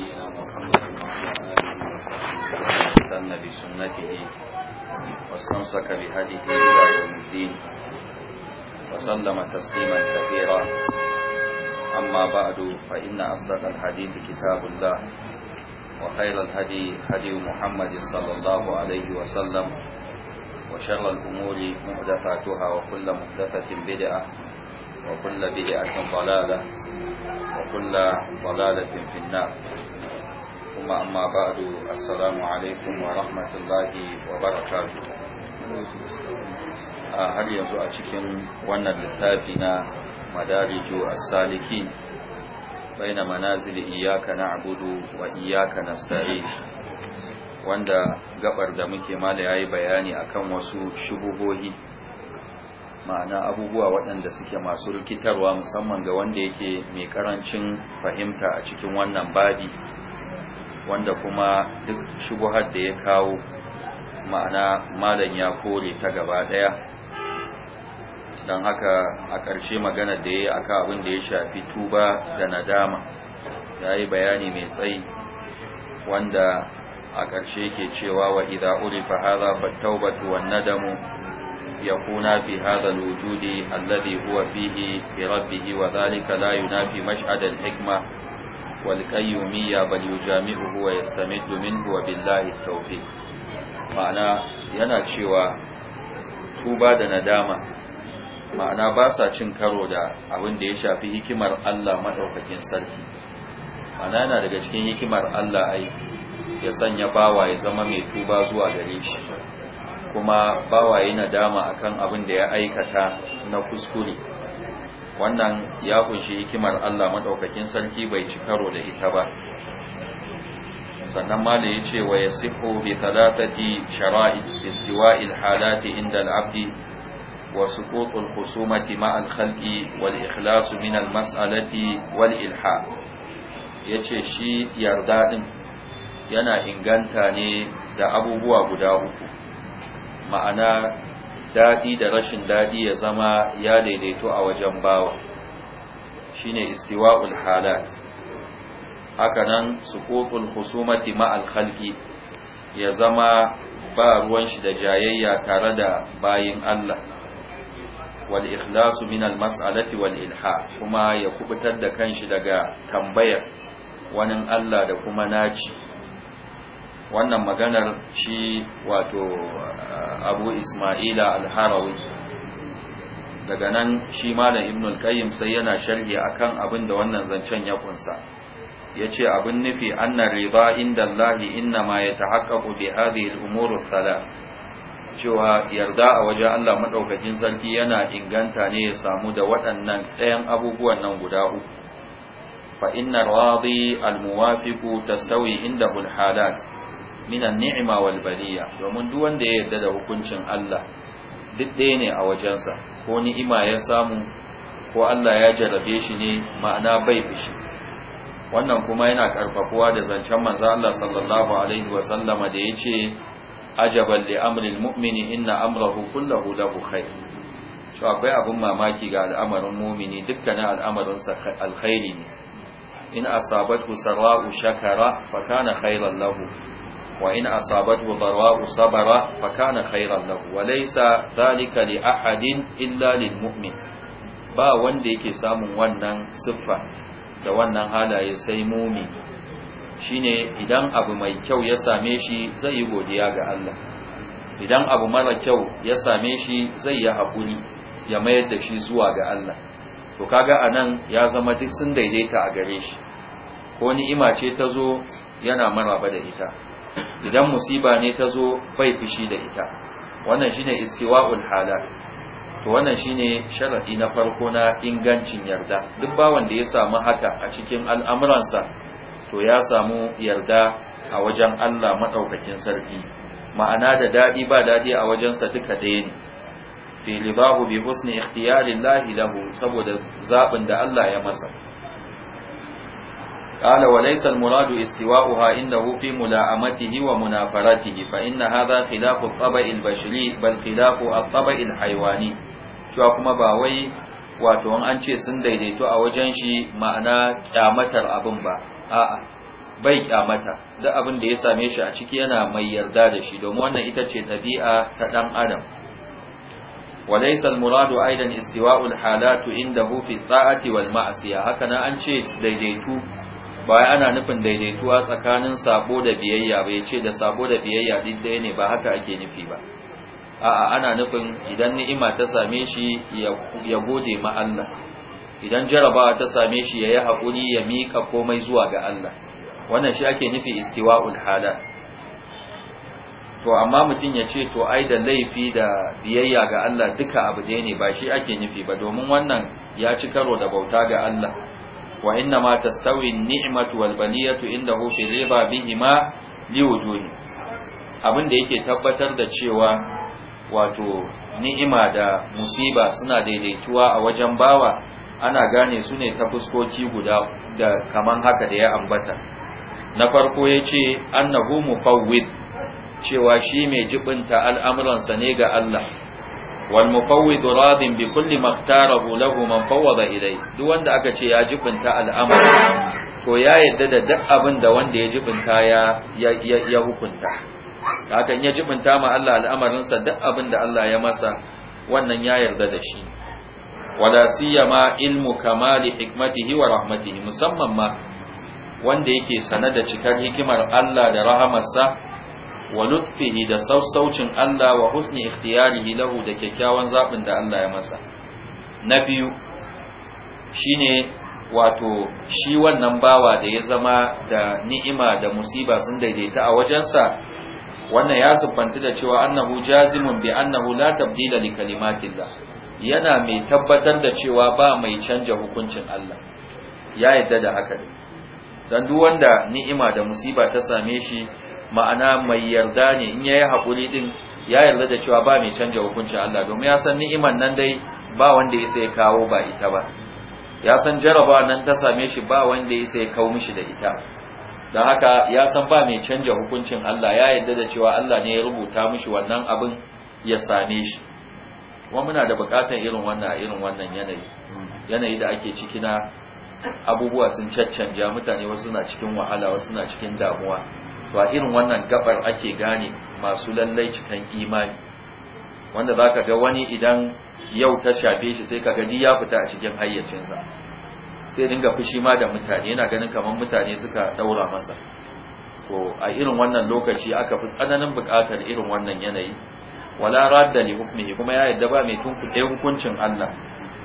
نبينا محمد وعلى آله وصحبه وسلم بسنته واستمسك بهديه إلى يوم الدين وسلم تسليما كثيرا أما بعد فإن أصدق الحديث كتاب الله وخير الهدي هدي محمد صلى الله عليه وسلم وشر الأمور محدثاتها وكل محدثة بدعة وكل بدعة ضلالة وكل ضلالة في النار ثم أما بعد wa عليكم ورحمة الله وبركاته har yanzu a cikin wannan littafi na madarijo as-salikin baina manazil iyyaka na'budu wa iyyaka nasta'in wanda gaɓar da muke mala yayi bayani akan wasu shubuhohi ma'ana abubuwa waɗanda suke masu rikitarwa musamman ga wanda yake mai karancin fahimta a cikin wannan babi wanda kuma duk shubuhar da ya kawo ma'ana malam ya kore ta gaba daya don haka a ƙarshe magana da ya yi aka abin da ya shafi tuba da nadama ya yi bayani mai tsayi wanda a ƙarshe ke cewa wa idha urifa hadha fattaubatu wan nadamu yakuna fi hadha alwujudi alladhi huwa fihi bi rabbih wa dhalika la yunafi mash'ad alhikma والقيومية بل يجامعه ويستمد منه وبالله التوفيق ma'ana yana cewa tuba da nadama ma'ana ba sa cin karo da abin da ya shafi hikimar Allah maɗaukakin sarki ma'ana yana daga cikin hikimar Allah ai ya sanya bawa ya zama mai tuba zuwa gare shi kuma bawa ya nadama akan abin da ya aikata na kuskure wannan ya kunshi hikimar Allah madaukakin sarki bai ci karo da ita ba sannan ma da ya ce wa ya siku bi talatati shara'i istiwa'il halati inda al'abdi wa suqutul khusumati ma al-khalqi wal ikhlasu min al-mas'alati wal ilha yace shi yarda din yana inganta ne da abubuwa guda uku ma'ana daɗi da rashin daɗi ya zama ya daidaito a wajen bawa shine istiwa'ul halat haka nan suqutul husumati ma'al khalqi ya zama ba ruwan shi da jayayya tare da bayin Allah wal ikhlasu min al mas'alati wal ilha kuma ya kubutar da kanshi daga tambayar wanin Allah da kuma naci wannan maganar shi wato uh, abu ismaila al-harawi daga nan shi malam ibn al-qayyim sai yana sharhi akan abin da wannan zancen ya kunsa yace abin nufi anna riba inda Allah inna ma yatahaqqaqu bi hadhihi al-umur al-thalath cewa yarda a wajen Allah madaukakin sarki yana inganta ne ya samu da waɗannan ɗayan abubuwan nan guda uku fa inna radi al-muwafiqu tastawi inda al-halat minan ni'ima wal baliya domin duk wanda ya yarda da hukuncin Allah duk ɗaya ne a wajensa ko ni'ima ya samu ko Allah ya jarrabe shi ne ma'ana bai fishi wannan kuma yana karfafuwa da zancen manzo Allah sallallahu alaihi wa sallama da yace ajaban li amril mu'mini inna amrahu kullahu lahu khair to akwai abin mamaki ga al'amarin mumini dukkanin al'amarinsa alkhairi ne in asabatu sarra'u shakara fa kana khairan lahu wa in asabathu dharra'u sabara fa kana khayran lahu wa laysa dhalika li ahadin illa lil mu'min ba wanda yake samun wannan siffa da wannan halaye sai mumin shine idan abu mai kyau ya same shi zai yi godiya ga Allah idan abu mara kyau ya same shi zai yi haƙuri ya mayar da shi zuwa ga Allah to kaga anan ya zama duk sun daidaita a gare shi ko ni'ima ce ta zo yana maraba da ita idan musiba ne ta zo bai fushi da ita wannan shine istiwa'ul halat to wannan shine sharadi na farko na ingancin yarda duk bawan da ya samu haka a cikin al'amuransa to ya samu yarda a wajen Allah madaukakin sarki ma'ana da dadi ba dadi a wajensa duka ɗaya ne fi libahu bi husni ikhtiyarillahi lahu saboda zabin da Allah ya masa قال وليس المراد استواؤها إنه في ملاءمته ومنافرته فإن هذا خلاف الطبع البشري بل خلاف الطبع الحيواني شو kuma ba wai wato an ce sun daidaito a wajen shi ma'ana kyamatar abin ba a'a bai kyamata duk abin da ya same shi a ciki yana mai yarda da shi domin wannan ita ce ɗabi'a ta ɗan adam وليس المراد أيضا استواء الحالات عنده في الطاعة والمعصية هكذا أنشي daidaitu. ba ana nufin daidaituwa tsakanin sabo da biyayya ba ya ce da sabo da biyayya duk ɗaya ne ba haka ake nufi ba a'a ana nufin idan ni'ima ta same shi ya gode ma Allah idan jarabawa ta same shi ya yi haƙuri ya mika komai zuwa ga Allah wannan shi ake nufi istiwa'ul hada. to amma mutum ya ce to ai da laifi da biyayya ga Allah duka abu ɗaya ne ba shi ake nufi ba domin wannan ya ci karo da bauta ga Allah wa inna ma tastawi ni'matu wal baliyatu indahu fi riba ma li abin da yake tabbatar da cewa wato ni'ima da musiba suna daidaituwa a wajen bawa ana gane su ne ta fuskoki guda da kaman haka da ya ambata na farko ya yace annahu mufawwid cewa shi mai jibinta al'amuransa ne ga Allah wal mufawwid radin bi kulli maftarahu lahu man fawwada ilai duk wanda aka ce ya jibinta al'amari to ya yadda da duk abin da wanda ya jibinta ya ya hukunta haka in ya jibinta ma Allah al'amarin sa duk abin da Allah ya masa wannan ya yarda da shi wala siyama ilmu kamali hikmatihi wa rahmatihi musamman ma wanda yake sane da cikar hikimar Allah da rahamarsa wa lutfihi da sassaucin Allah wa husni ikhtiyarihi lahu da kyakkyawan zabin da Allah ya masa na biyu shine wato shi wannan bawa da ya zama da ni'ima da musiba sun daidaita a wajensa wannan ya siffanta da cewa annahu jazimun bi annahu la tabdila li kalimatillah yana mai tabbatar da cewa ba mai canja hukuncin Allah ya yadda da haka dan duk wanda ni'ima da musiba ta same shi ma'ana mai yarda ne in yayi hakuri din ya yarda da cewa ba mai canja hukunci Allah domin ya san ni'imar nan dai ba wanda ya sai kawo ba ita ba ya san jaraba nan ta same shi ba wanda ya sai kawo mishi da ita dan haka ya san ba mai canja hukuncin Allah ya yarda da cewa Allah ne ya rubuta mishi wannan abin ya same shi kuma muna da bukatar irin wannan irin wannan yanayi yanayi da ake ciki na abubuwa sun caccanja mutane wasu na cikin wahala wasu na cikin damuwa to a irin wannan gabar ake gane masu lallai cikin imani wanda zaka ga wani idan yau ta shafe shi sai ka gani ya fita a cikin hayyacinsa sai dinga fushi ma da mutane yana ganin kamar mutane suka daura masa to a irin wannan lokaci aka fi tsananin buƙatar irin wannan yanayi wala radda li hukmihi kuma ya yadda ba mai tunkuɗe hukuncin Allah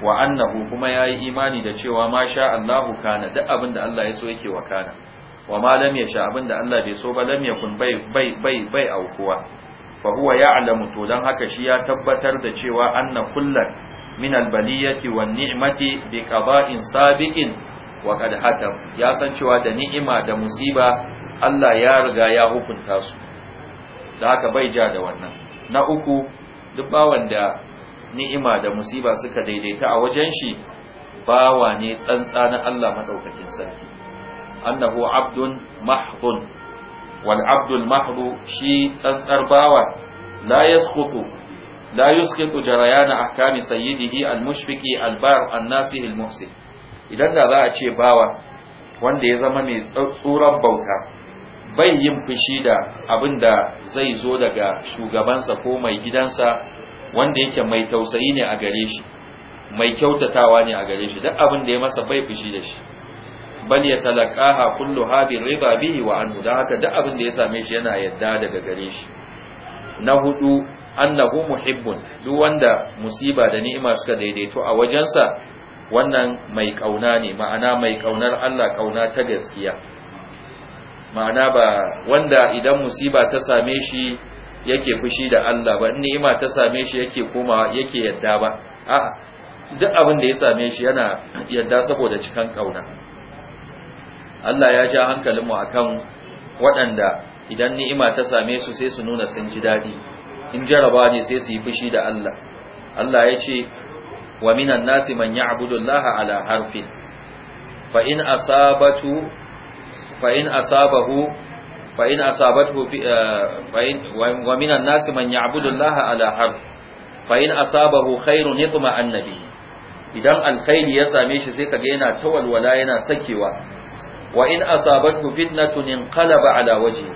wa annahu kuma yayi imani da cewa "Masha Allahu kana duk abin da Allah ya so yake wa kana wa ma lam yasha abinda Allah bai so ba lam yakun bai bai bai bai aukuwa fa huwa ya'lamu to dan haka shi ya tabbatar da cewa anna kullan min albaliyati wan ni'mati bi qada'in sabiqin wa kad hakam ya san cewa da ni'ima da musiba Allah ya riga ya hukunta su da haka bai ja da wannan na uku duk bawan da ni'ima da musiba suka daidaita a wajen shi bawa ne tsantsa na Allah madaukakin sarki annahu abdun mahdun wal abdul mahdu shi tsantsar bawa la yasqutu la yusqitu jarayana ahkami sayyidihi al mushfiqi al bar an nasih al muhsin idan da za a ce bawa wanda ya zama mai tsoron bauta bai yin fushi da abin da zai zo daga shugabansa ko mai gidansa wanda yake mai tausayi ne a gare shi mai kyautatawa ne a gare shi duk abin da ya masa bai fushi da shi bal yatalaqaha kullu hadhihi rida bihi wa anhu da haka duk abin da ya same shi yana yadda daga gare shi na hudu annahu muhibbun duk wanda musiba da ni'ima suka daidaito a wajensa wannan mai kauna ne ma'ana mai kaunar Allah kauna ta gaskiya ma'ana ba wanda idan musiba ta same shi yake fushi da Allah ba ni'ima ta same shi yake koma yake yadda ba a'a duk abin da ya same shi yana yadda saboda cikan kauna Allah ya ja hankalinmu akan waɗanda idan ni'ima ta same su sai su nuna sun ji daɗi in jaraba ne sai su yi fushi da Allah Allah ya ce wa minan nasi man ya'budu Allah ala harfin fa in asabatu fa in asabahu fa in asabathu eh, fa in wa minan nasi man ya'budu Allah ala harf fa in asabahu khairun yatma annabi idan alkhairi ya same shi sai kaga yana tawalwala yana sakewa wa in asabathu fitnatun inqalaba ala wajhi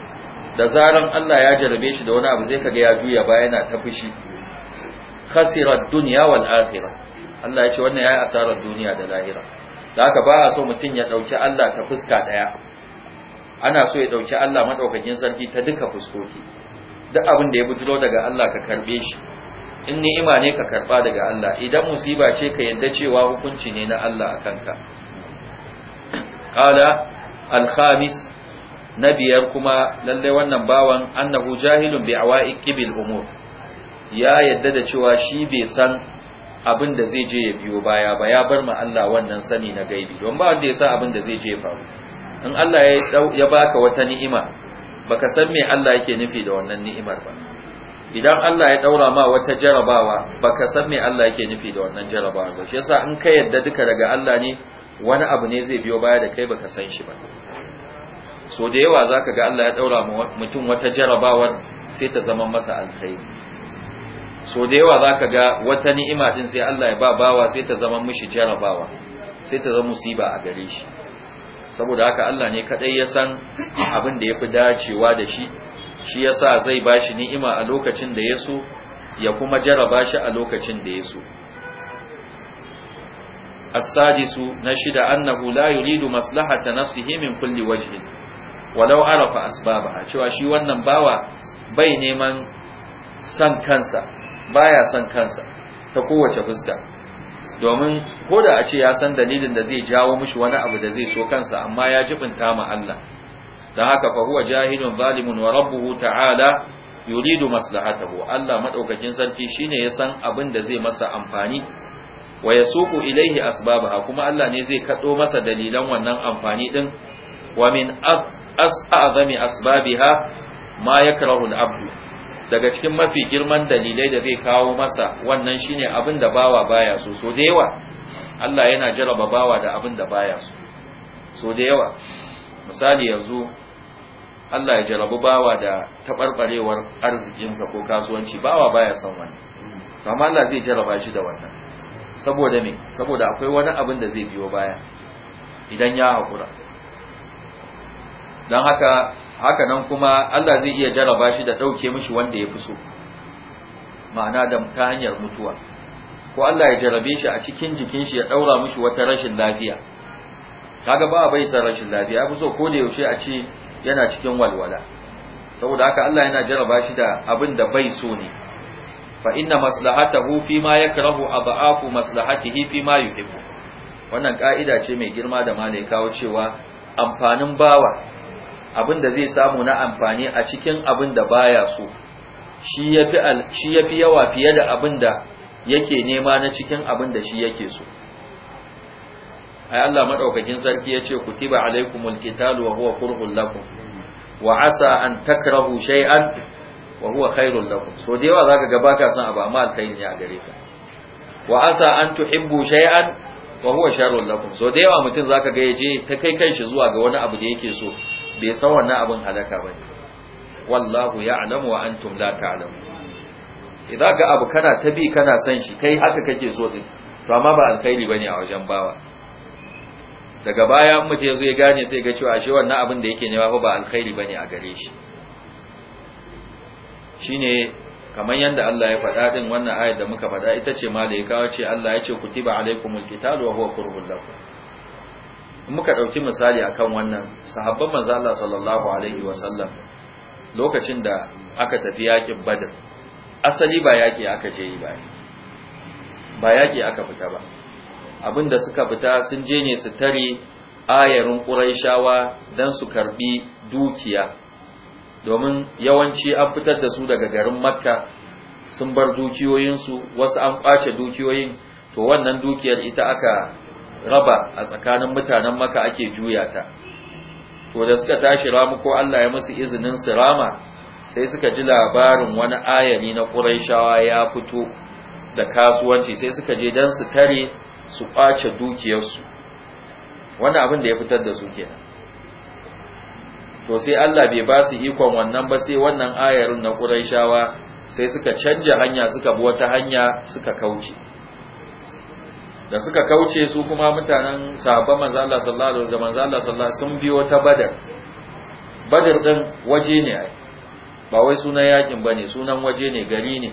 da zaran Allah ya jarabe shi da wani abu zai kaga ya juya ba yana ta fushi khasira dunya wal akhirah Allah ya ce wannan yayi asarar duniya da lahira da haka ba a so mutun ya dauki Allah ta fuska daya ana so ya dauki Allah madaukakin sarki ta duka fuskoki duk abin da ya bujiro daga Allah ka karbe shi in ni'ima ne ka karba daga Allah idan musiba ce ka yadda cewa hukunci ne na Allah akan ka qala al na biyar kuma lallai wannan bawan annahu jahilun bi awa'i qibil umur ya yadda da cewa shi bai san abin da zai je ya biyo baya ba ya bar ma Allah wannan sani na gaibi don ba wanda ya san abin da zai je faru in Allah ya ya baka wata ni'ima baka san me Allah yake nufi da wannan ni'imar ba idan Allah ya daura ma wata jarabawa baka san me Allah yake nufi da wannan jarabawa ba shi yasa in ka yadda duka daga Allah ne wani abu ne zai biyo baya da kai baka san shi ba so da yawa zaka ga Allah ya daura mutum wata jarabawar sai ta zama masa alkhairi so da yawa zaka ga wata ni'ima din sai Allah ya ba bawa sai ta zama mishi jarabawa sai ta zama musiba a gare shi saboda haka Allah ne kadai ya san abin da yafi dacewa da shi shi yasa zai bashi ni'ima a lokacin da ya so ya kuma jaraba shi a lokacin da ya so. السادس نشد أنه لا يريد مصلحة نفسه من كل وجه ولو عرف أسبابها cewa shi wannan bawa bai neman san kansa baya san kansa ta kowace fuska domin da a ce ya san dalilin da zai jawo mishi wani abu da zai so kansa amma ya jibinta ma Allah Da haka fa huwa jahilun zalimun wa rabbuhu ta'ala yuridu maslahatahu Allah madaukakin sarki shine ya san abin da zai masa amfani wa yasuqu ilaihi asbabaha kuma Allah ne zai kado masa dalilan wannan amfani din wa min as'azami asbabiha ma yakrahu al-abd daga cikin mafi girman dalilai da zai kawo masa wannan shine abin da bawa baya so so da yawa Allah yana jaraba bawa da abin da baya so so da yawa misali yanzu Allah ya jarabu bawa da taɓarɓarewar arzikinsa ko kasuwanci bawa baya son wani amma Allah zai jaraba shi da wannan saboda me saboda akwai wani abin da zai biyo baya idan ya haƙura don haka haka nan kuma Allah zai iya jaraba shi da ɗauke mishi wanda ya fi so ma'ana da ta hanyar mutuwa ko Allah ya jarabe shi a cikin jikin shi ya ɗaura mishi wata rashin lafiya kaga ba bai san rashin lafiya ya fi so ko da yaushe a ce yana cikin walwala saboda haka Allah yana jaraba shi da abin da bai so ne fa inna maslahatahu fi ma yakrahu adha'afu maslahatihi fi ma yuhibbu wannan ka'ida ce mai girma da malai kawo cewa amfanin bawa abin zai samu na amfani a cikin abin baya so shi yafi shi yafi yawa fiye da abinda yake nema na cikin abinda shi yake so ai Allah madaukakin sarki yace kutiba alaikumul qitalu wa huwa kurhul lakum wa asa an takrahu shay'an wa huwa khairul lakum so da yawa zaka ga baka son abu amma alkhairi ne a gare ka wa asa an tuhibbu shay'an wa huwa sharrul lakum so da yawa mutum zaka ga yaje ta kai kanshi zuwa ga wani abu da yake so bai san wannan abin halaka ba wallahu ya'lamu wa antum la ta'lamu idan ga abu kana ta bi kana son shi kai haka kake so din to amma ba alkhairi bane a wajen bawa daga baya mutum ya zo ya gane sai ga cewa ashe wannan abin da yake nema fa ba alkhairi bane a gare shi shine kamar yadda Allah ya faɗa din wannan ayar da muka faɗa ita ce ma ya kawo ce Allah ya ce kutiba alaikumul qital wa huwa qurbul lakum muka ɗauki misali akan wannan sahabban manzo Allah sallallahu alaihi wa sallam lokacin da aka tafi yakin Badr asali ba yaki aka je yi ba ba yaki aka fita ba abinda suka fita sun je ne su tare ayarin quraishawa dan su karbi dukiya domin yawanci an fitar da su daga garin makka sun bar dukiyoyinsu wasu an kwace dukiyoyin to wannan dukiyar ita aka raba a tsakanin mutanen Makka ake juya ta to da suka tashi ramu ko Allah ya musu izinin su rama sai suka ji labarin wani ayani na Qurayshawa ya fito da kasuwanci sai suka je dan su tare su kwace dukiyarsu wannan abin da ya fitar da su kenan to sai Allah bai ba su ikon wannan ba sai wannan ayarin na Qurayshawa sai suka canja hanya suka bi wata hanya suka kauce da suka kauce su kuma mutanen sahabban manzo Allah sallallahu alaihi wasallam manzo Allah sallallahu alaihi sun biyo ta Badar Badar din waje ne ai ba wai sunan yakin bane sunan waje ne gari ne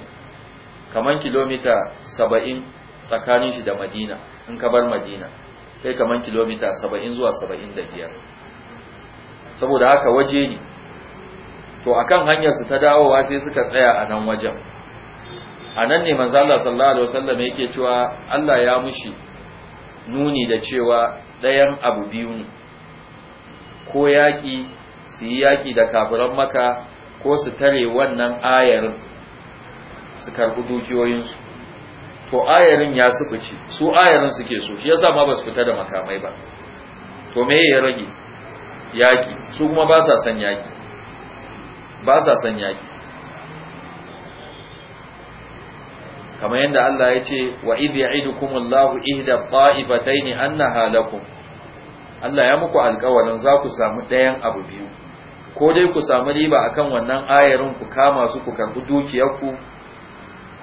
kaman kilomita 70 tsakanin shi da Madina in ka bar Madina kai kaman kilomita 70 zuwa 75 saboda haka waje ne to akan hanyar su ta dawowa sai suka tsaya a nan wajen a nan ne manzo Allah sallallahu alaihi wasallam yake cewa Allah ya mushi nuni da cewa ɗayan abu biyu ne ko yaƙi su yi yaƙi da kafiran maka ko su tare wannan ayarin su karɓi dukiyoyinsu to ayarin ya sufuce su ayarin suke so shi yasa ma ba su fita da makamai ba to me ya rage yaƙi su kuma ba sa son yaƙi ba sa son yaƙi kamar yadda Allah ya ce wa idh ya'idukumullahu ihda ta'ifataini annaha lakum Allah ya muku alƙawarin za ku samu ɗayan abu biyu ko dai ku samu riba akan wannan ayarin ku kama su ku karɓi dukiyarku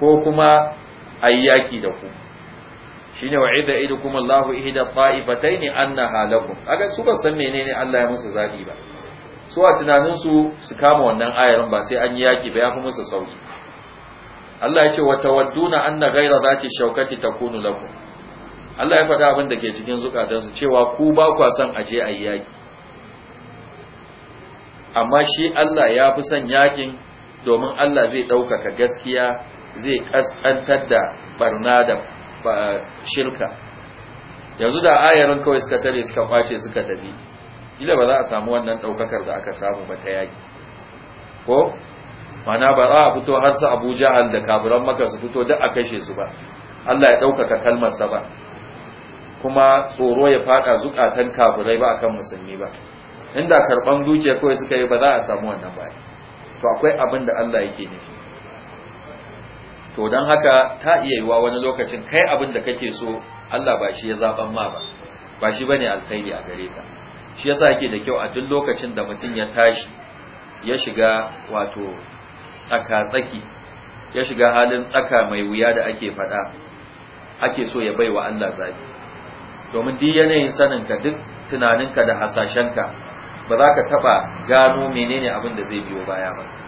ko kuma ayyaki da ku shine wa'ida kuma Allahu ihda ta'ifatayn annaha lakum aga su ba san menene Allah ya musu zabi ba su a tunanin su su kama wannan ayarin ba sai an yi yaki ba ya fi musu sauki Allah ya ce wa tawadduna anna ghayra zati ta takunu lakum Allah ya faɗa abin da ke cikin zukatan su cewa ku ba kwa san aje ayi yaki amma shi Allah ya fi son yakin domin Allah zai ɗaukaka gaskiya zai ƙasƙantar da barna da shirka yanzu da ayarin kawai suka tare suka kwace suka tafi ila ba za a samu wannan daukakar da aka samu ba ta yaki ko mana ba za a fito har su Abu Jahal da kafiran Makka su fito duk a kashe su ba Allah ya daukaka kalmar sa ba kuma tsoro ya fada zukatan kaburai ba akan musulmi ba inda karban dukiya kawai suka yi ba za a samu wannan ba to akwai abin da Allah yake nufi to don haka ta iya yiwa wani lokacin kai abin da kake so Allah ba shi ya zaɓan ma ba ba shi bane alkhairi a gare ka shi yasa yake da kyau a duk lokacin da mutum ya tashi ya shiga wato tsaka tsaki ya shiga halin tsaka mai wuya da ake faɗa ake so ya baiwa Allah zabi domin duk yanayin saninka duk tunaninka da hasashenka ba za ka taɓa gano menene abin da zai biyo baya ba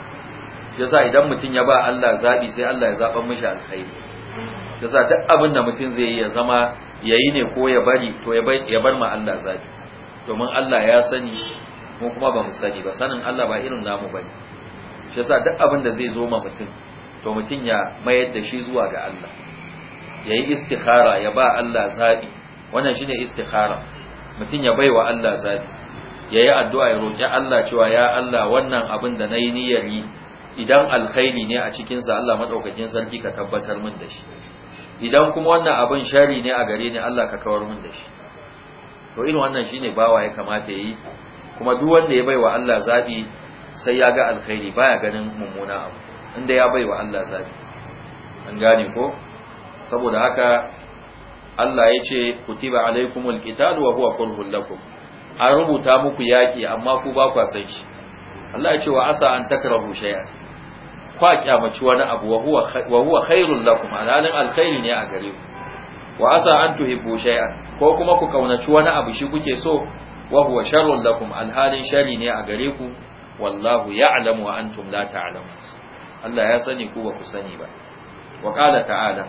yasa idan mutum ya ba Allah zabi sai Allah ya zaban mishi alkhairi yasa duk abin da mutum zai yi ya zama yayi ne ko ya bari to ya bar ma Allah zabi domin Allah ya sani mu kuma ba mu sani ba sanin Allah ba irin namu bane yasa duk abin da zai zo ma mutum to mutum ya mayar da shi zuwa ga Allah yayi istikhara ya ba Allah zabi wannan shine istikhara mutum ya baiwa Allah zabi yayi addu'a ya roki Allah cewa ya Allah wannan abin da nayi niyyar yi idan alkhairi ne a cikinsa Allah maɗaukakin sarki ka tabbatar min da shi idan kuma wannan abin shari ne a gare ni Allah ka kawar min da shi to irin wannan shine bawa ya kamata yi kuma duk wanda ya baiwa Allah zabi sai ya ga alkhairi baya ganin mummuna abu inda ya baiwa Allah zabi an gane ko saboda haka Allah ya ce kutiba alaikumul qital wa huwa qulhul lakum an rubuta muku yaki amma ku ba ku san shi Allah ya ce wa asa an takrahu shay'an kwa kyamaci wani abu wa huwa khairul lakum alalin alkhairi ne a gare ku wa asa an tuhibbu shay'an ko kuma ku kaunaci wani abu shi kuke so wa huwa sharrul lakum alhalin shari ne a gare ku wallahu ya'lamu wa antum la ta'lamun Allah ya sani ku ba ku sani ba wa qala ta'ala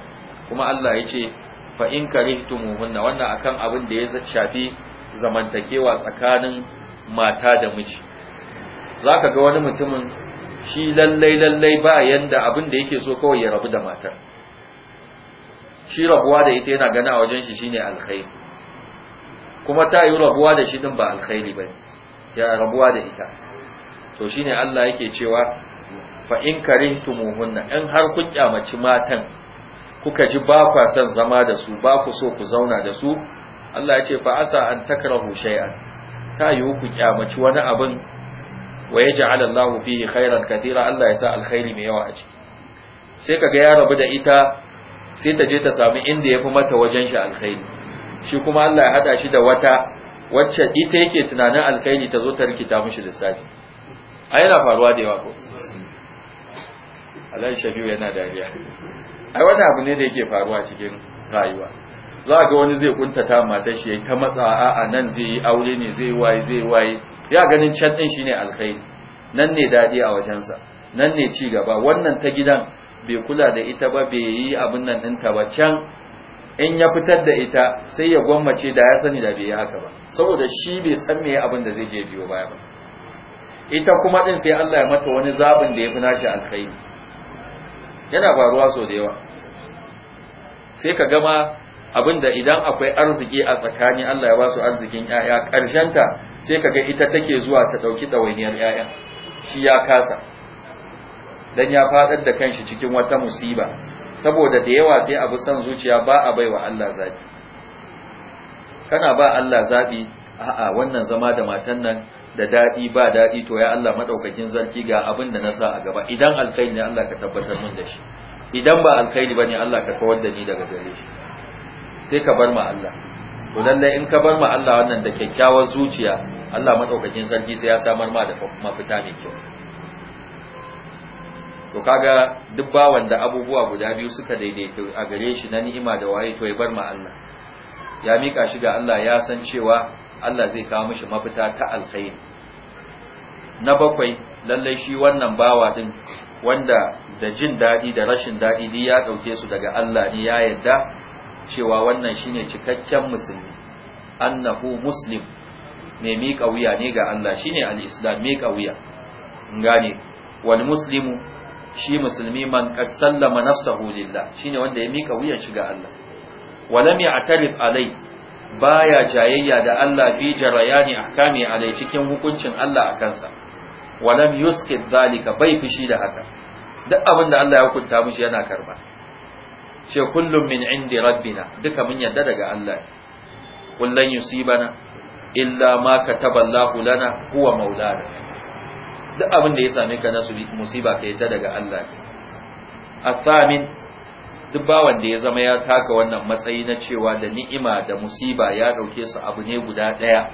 kuma Allah yace fa in karihtumuhunna wannan akan abin da ya shafi zamantakewa tsakanin mata da miji zaka ga wani mutumin shi lallai lallai ba yanda abin da yake so kawai ya rabu da matar shi rabuwa da ita yana gana a wajen shi shine alkhairi kuma ta yi rabuwa da shi din ba alkhairi ba ya rabuwa da ita to shine Allah yake cewa fa in karihtumuhunna in har kun kyamaci matan kuka ji ba kwa son zama da su ba ku so ku zauna da su Allah ya ce fa asa an takrahu shay'an ta yiwu ku kyamaci wani abin wa ja'ala Allahu fihi khairan katira Allah ya sa alkhairi mai yawa a ciki sai kaga ya rabu da ita sai ta je ta samu inda yafi mata wajen shi alkhairi shi kuma Allah ya hada shi da wata wacce ita yake tunanin alkhairi ta zo ta rikita mishi lissafi a yana faruwa da yawa ko Allah shafi yana dariya ai wani abu ne da yake faruwa cikin rayuwa za ga wani zai kuntata matar shi ya ta matsa a'a nan zai yi aure ne zai waye zai waye ya ganin can ɗin shine alkhairi nan ne daɗi a wajensa nan ne ci gaba wannan ta gidan bai kula da ita ba bai yi abin nan ta ba can in ya fitar da ita sai ya gwammace da ya sani da bai yi haka ba saboda shi bai san me abin da zai je biyo baya ba ita kuma din sai Allah ya mata wani zabin da ya fi nashi alkhairi yana faruwa sau da yawa sai ka gama abinda idan akwai arziki a tsakani Allah ya ba su arzikin ƴaƴa ta, sai kaga ita take zuwa ta ɗauki ɗawainiyar 'yaya shi ya kasa dan ya faɗar da kanshi cikin wata musiba saboda da yawa sai abu san zuciya ba a baiwa Allah zabi kana ba Allah zabi a'a wannan zama da matan nan da daɗi ba daɗi to ya Allah maɗaukakin zarki ga abin da na sa a gaba idan alkhairi ne Allah ka tabbatar min da shi idan ba alkhairi bane Allah ka kawar da ni daga gare shi sai ka bar ma Allah to lalle in ka bar ma Allah wannan da kyakkyawar zuciya Allah madaukakin sarki sai ya samar ma da mafita mai kyau to kaga duk bawan da abubuwa guda biyu suka daidaita a gare shi na ni'ima da waye to ya bar ma Allah ya mika shi ga Allah ya san cewa Allah zai kawo mishi mafita ta alkhair na bakwai lallai shi wannan bawa din wanda da jin daɗi da rashin daɗi ya ɗauke su daga Allah ne ya yarda. cewa wannan shine cikakken musulmi annahu muslim mai miƙa wuya ne ga Allah shine al-islam miƙa wuya gane wal muslimu shi musulmi man qad sallama nafsahu lillah shine wanda ya miƙa wuyan shi ga Allah walam ya'tarif alai baya jayayya da Allah fi jarayani ahkami alai cikin hukuncin Allah a kansa walam yuskid zalika bai shi da haka duk abinda Allah ya hukunta mushi yana karba ce kullum min indi rabbina duka mun yadda daga Allah kullun yusibana illa ma Allah lana huwa maulana duk abin da ya same ka na musiba ka yadda daga Allah athamin duk ba da ya zama ya taka wannan matsayi na cewa da ni'ima da musiba ya dauke su abu ne guda daya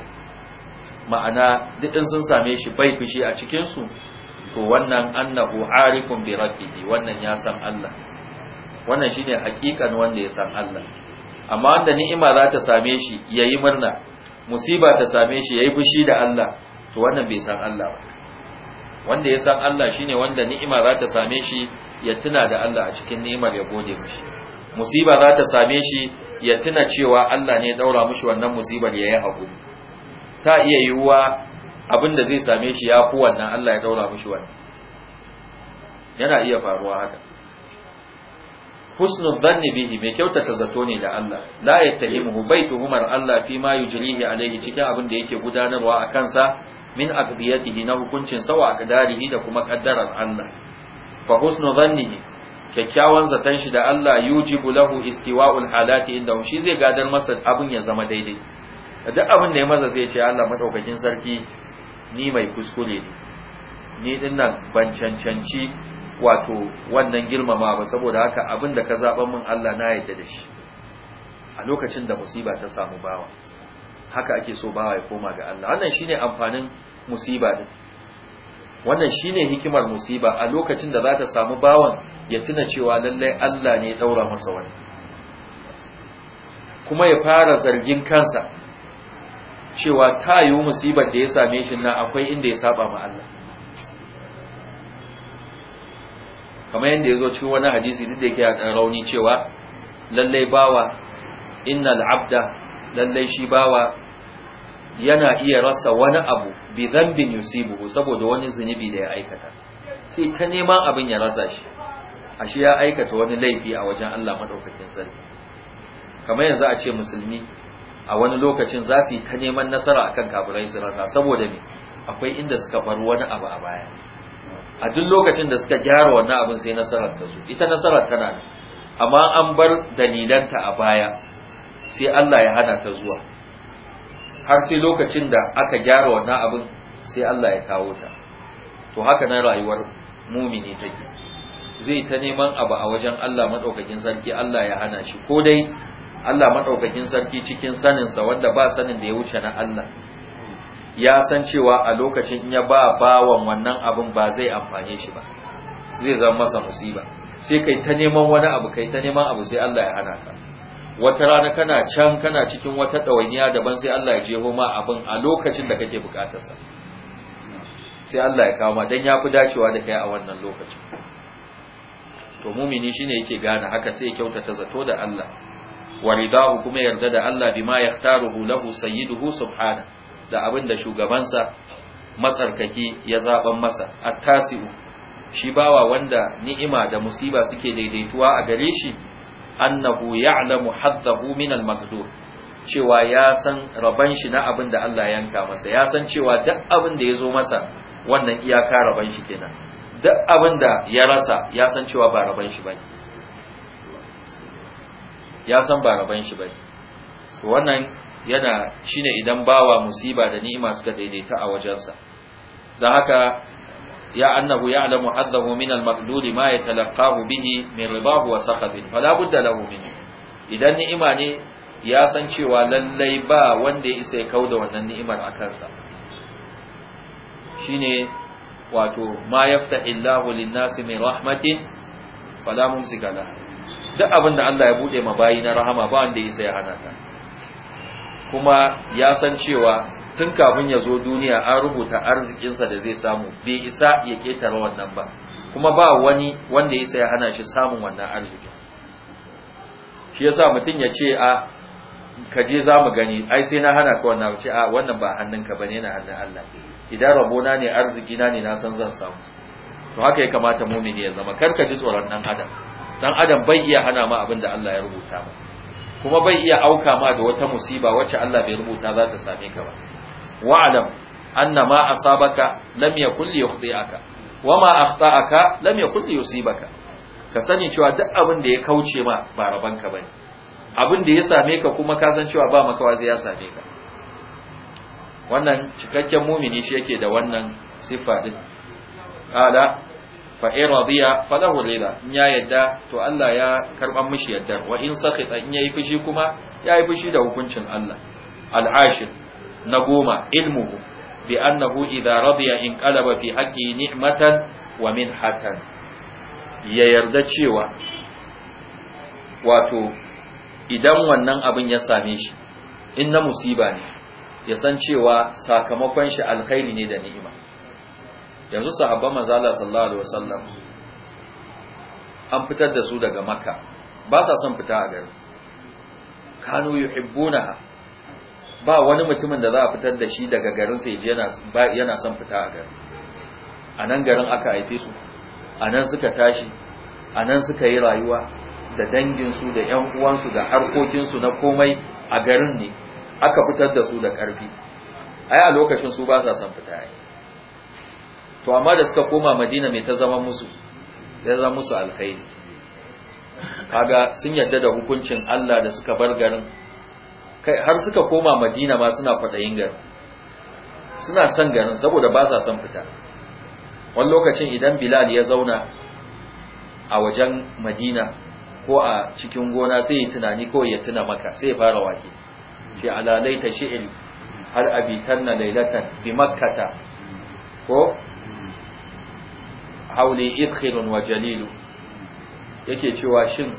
ma'ana duk in sun same shi bai fushi a cikin su to wannan annahu arifun bi rabbihi wannan ya san Allah wannan shine hakikan wanda ya san Allah amma wanda ni'ima za ta same shi yayi murna musiba ta same shi yayi fushi da Allah to wannan bai san Allah ba wanda ya san Allah shine wanda ni'ima za ta same shi ya tuna da Allah a cikin ni'imar ya gode mishi musiba za ta same shi ya tuna cewa Allah ne ya daura mishi wannan musibar yayi hakuri ta iya yiwuwa abin da zai same shi ya fi wannan Allah ya daura mishi wannan yana iya faruwa haka husnu dhanni bihi mai kyautata zato ne da Allah la yattahimuhu bai tuhumar Allah fi ma yujrihi alayhi cikin abin da yake gudanarwa a kansa min aqdiyatihi na hukuncin sa wa aqdarihi da kuma kaddarar Allah fa husnu dhannihi kyakkyawan zaton shi da Allah yujibu lahu istiwa'ul halati inda shi zai gadar masa abin ya zama daidai duk abin da ya maza zai ce Allah madaukakin sarki ni mai kuskure ne ni dinnan ban cancanci wato wannan girmama ba saboda haka abin ka zaɓa min Allah na yadda da shi a lokacin da musiba ta samu bawa haka ake so bawa ya koma ga Allah wannan shine amfanin musiba din wannan shine hikimar musiba a lokacin da za ta samu bawan ya tuna cewa lallai Allah ne ya daura masa wani kuma ya fara zargin kansa cewa ta yiwu musibar da ya same shi na akwai inda ya saba ma Allah kamar yadda ya zo cikin wani hadisi duk da yake a rauni cewa lallai bawa innal abda lallai shi bawa yana iya rasa wani abu bi dhanbin yusibuhu saboda wani zunubi da ya aikata sai ta neman abin ya rasa shi ashe ya aikata wani laifi a wajen Allah madaukakin sarki kamar yanzu a ce musulmi a wani lokacin za su yi ta neman nasara akan kafirai su rasa saboda me akwai inda suka bar wani abu a baya a duk lokacin da suka gyara wannan abin sai nasarar ta su ita nasarar tana ne amma an bar dalilanta a baya sai Allah ya hana ta zuwa har sai lokacin da aka gyara wannan abin sai Allah ya kawo ta to haka nan rayuwar mumini take zai ta neman abu a wajen Allah madaukakin sarki Allah ya hana shi ko dai Allah madaukakin sarki cikin saninsa wanda ba sanin da ya wuce na Allah ya san cewa a lokacin in ya ba bawan wannan abin ba zai amfane shi ba zai zama masa musiba sai kai ta neman wani abu kai ta neman abu sai Allah ya hana ka wata rana kana can kana cikin wata ɗawainiya daban sai Allah ya jeho ma abin a lokacin da kake bukatarsa sai Allah ya kawo ma dan ya fi dacewa da kai a wannan lokacin to mumini shine yake gane haka sai ya kyautata zato da Allah Wa waridahu kuma yarda da Allah bima yaftaruhu lahu sayyiduhu subhanahu da abin da shugabansa matsarkaki ya zaben masa attasi'u shi bawa wanda ni'ima da musiba suke daidaituwa a gare shi annahu ya'lamu haddahu min al-maqdur cewa ya san raban shi na abin da Allah ya yanka masa ya san cewa duk abin da ya zo masa wannan iyaka raban shi kenan duk abin da ya rasa ya san cewa ba raban shi bane ya san ba raban shi bane wannan yana shine idan bawa musiba da ni'ima suka daidaita a wajensa Da haka ya annahu ya'lamu haddahu min al-maqduri ma yatalaqahu bihi min ribahu wa saqatin fala budda lahu min idan ni'ima ne ya san cewa lallai ba wanda ya isa ya kauda wannan ni'imar a kansa shine wato ma yaftahillahu lin-nasi min rahmatin fala mumsika lahu duk abin da Allah ya bude ma bayi na rahama ba wanda ya isa ya hana ta kuma ya san cewa tun kafin ya zo duniya an rubuta arzikinsa da zai samu bai isa ya ketare wannan ba kuma ba wani wanda ya ya hana shi samun wannan arziki shi yasa mutum ya ce a ka je za mu gani ai sai na hana ka wannan ce a wannan ba hannunka bane na hannun Allah idan rabona ne arziki na ne na san zan samu to haka ya kamata mumini ya zama kar ka ji tsoron dan adam dan adam bai iya hana ma abin da Allah ya rubuta ba. kuma bai iya auka ma da wata musiba wacce Allah bai rubuta za ta same ka ba wa'lam anna ma asabaka lam yakul yukhdi'aka wa ma akhta'aka lam yakul yusibaka ka sani cewa duk abin da ya kauce ma ba raban ka bane abin da ya same ka kuma ka san cewa ba makawa zai ya same ka wannan cikakken mumini shi yake da wannan sifa. din ala fa in radiya falahu rida in ya yadda to Allah ya karban mishi yadda wa in sakhita in yayi fushi kuma yayi fushi da hukuncin Allah al-ashir na goma ilmuhu bi annahu idza radiya in qalaba fi haqqi ni'matan wa minhatan ya yarda cewa wato idan wannan abin ya same shi in na musiba ne ya san cewa sakamakon shi alkhairi ne da ni'ima yanzu sahabban mazala sallallahu alaihi wasallam an fitar da su daga makka ba sa son fita a gari kanu yuhibbunaha ba wani mutumin da za a fitar da shi daga garin sai je yana yana son fita a gari a nan garin aka haife su a nan suka tashi a nan suka yi rayuwa da danginsu da 'yan uwansu da harkokinsu na komai a garin ne aka fitar da su da ƙarfi ai a lokacin su ba sa son fita yi to amma da suka koma madina mai ta zama musu ya zama musu alkhairi kaga sun yadda da hukuncin Allah da suka bar garin kai har suka koma madina ma suna kwaɗayin garin suna son garin saboda ba sa son fita wani lokacin idan bilal ya zauna a wajen madina ko a cikin gona sai ya tunani ko ya tuna maka sai ya fara wake Ke alalai ta shi'il har abitan na lailatan bi makkata ko hauli idkhilun wa jalilu yake cewa shin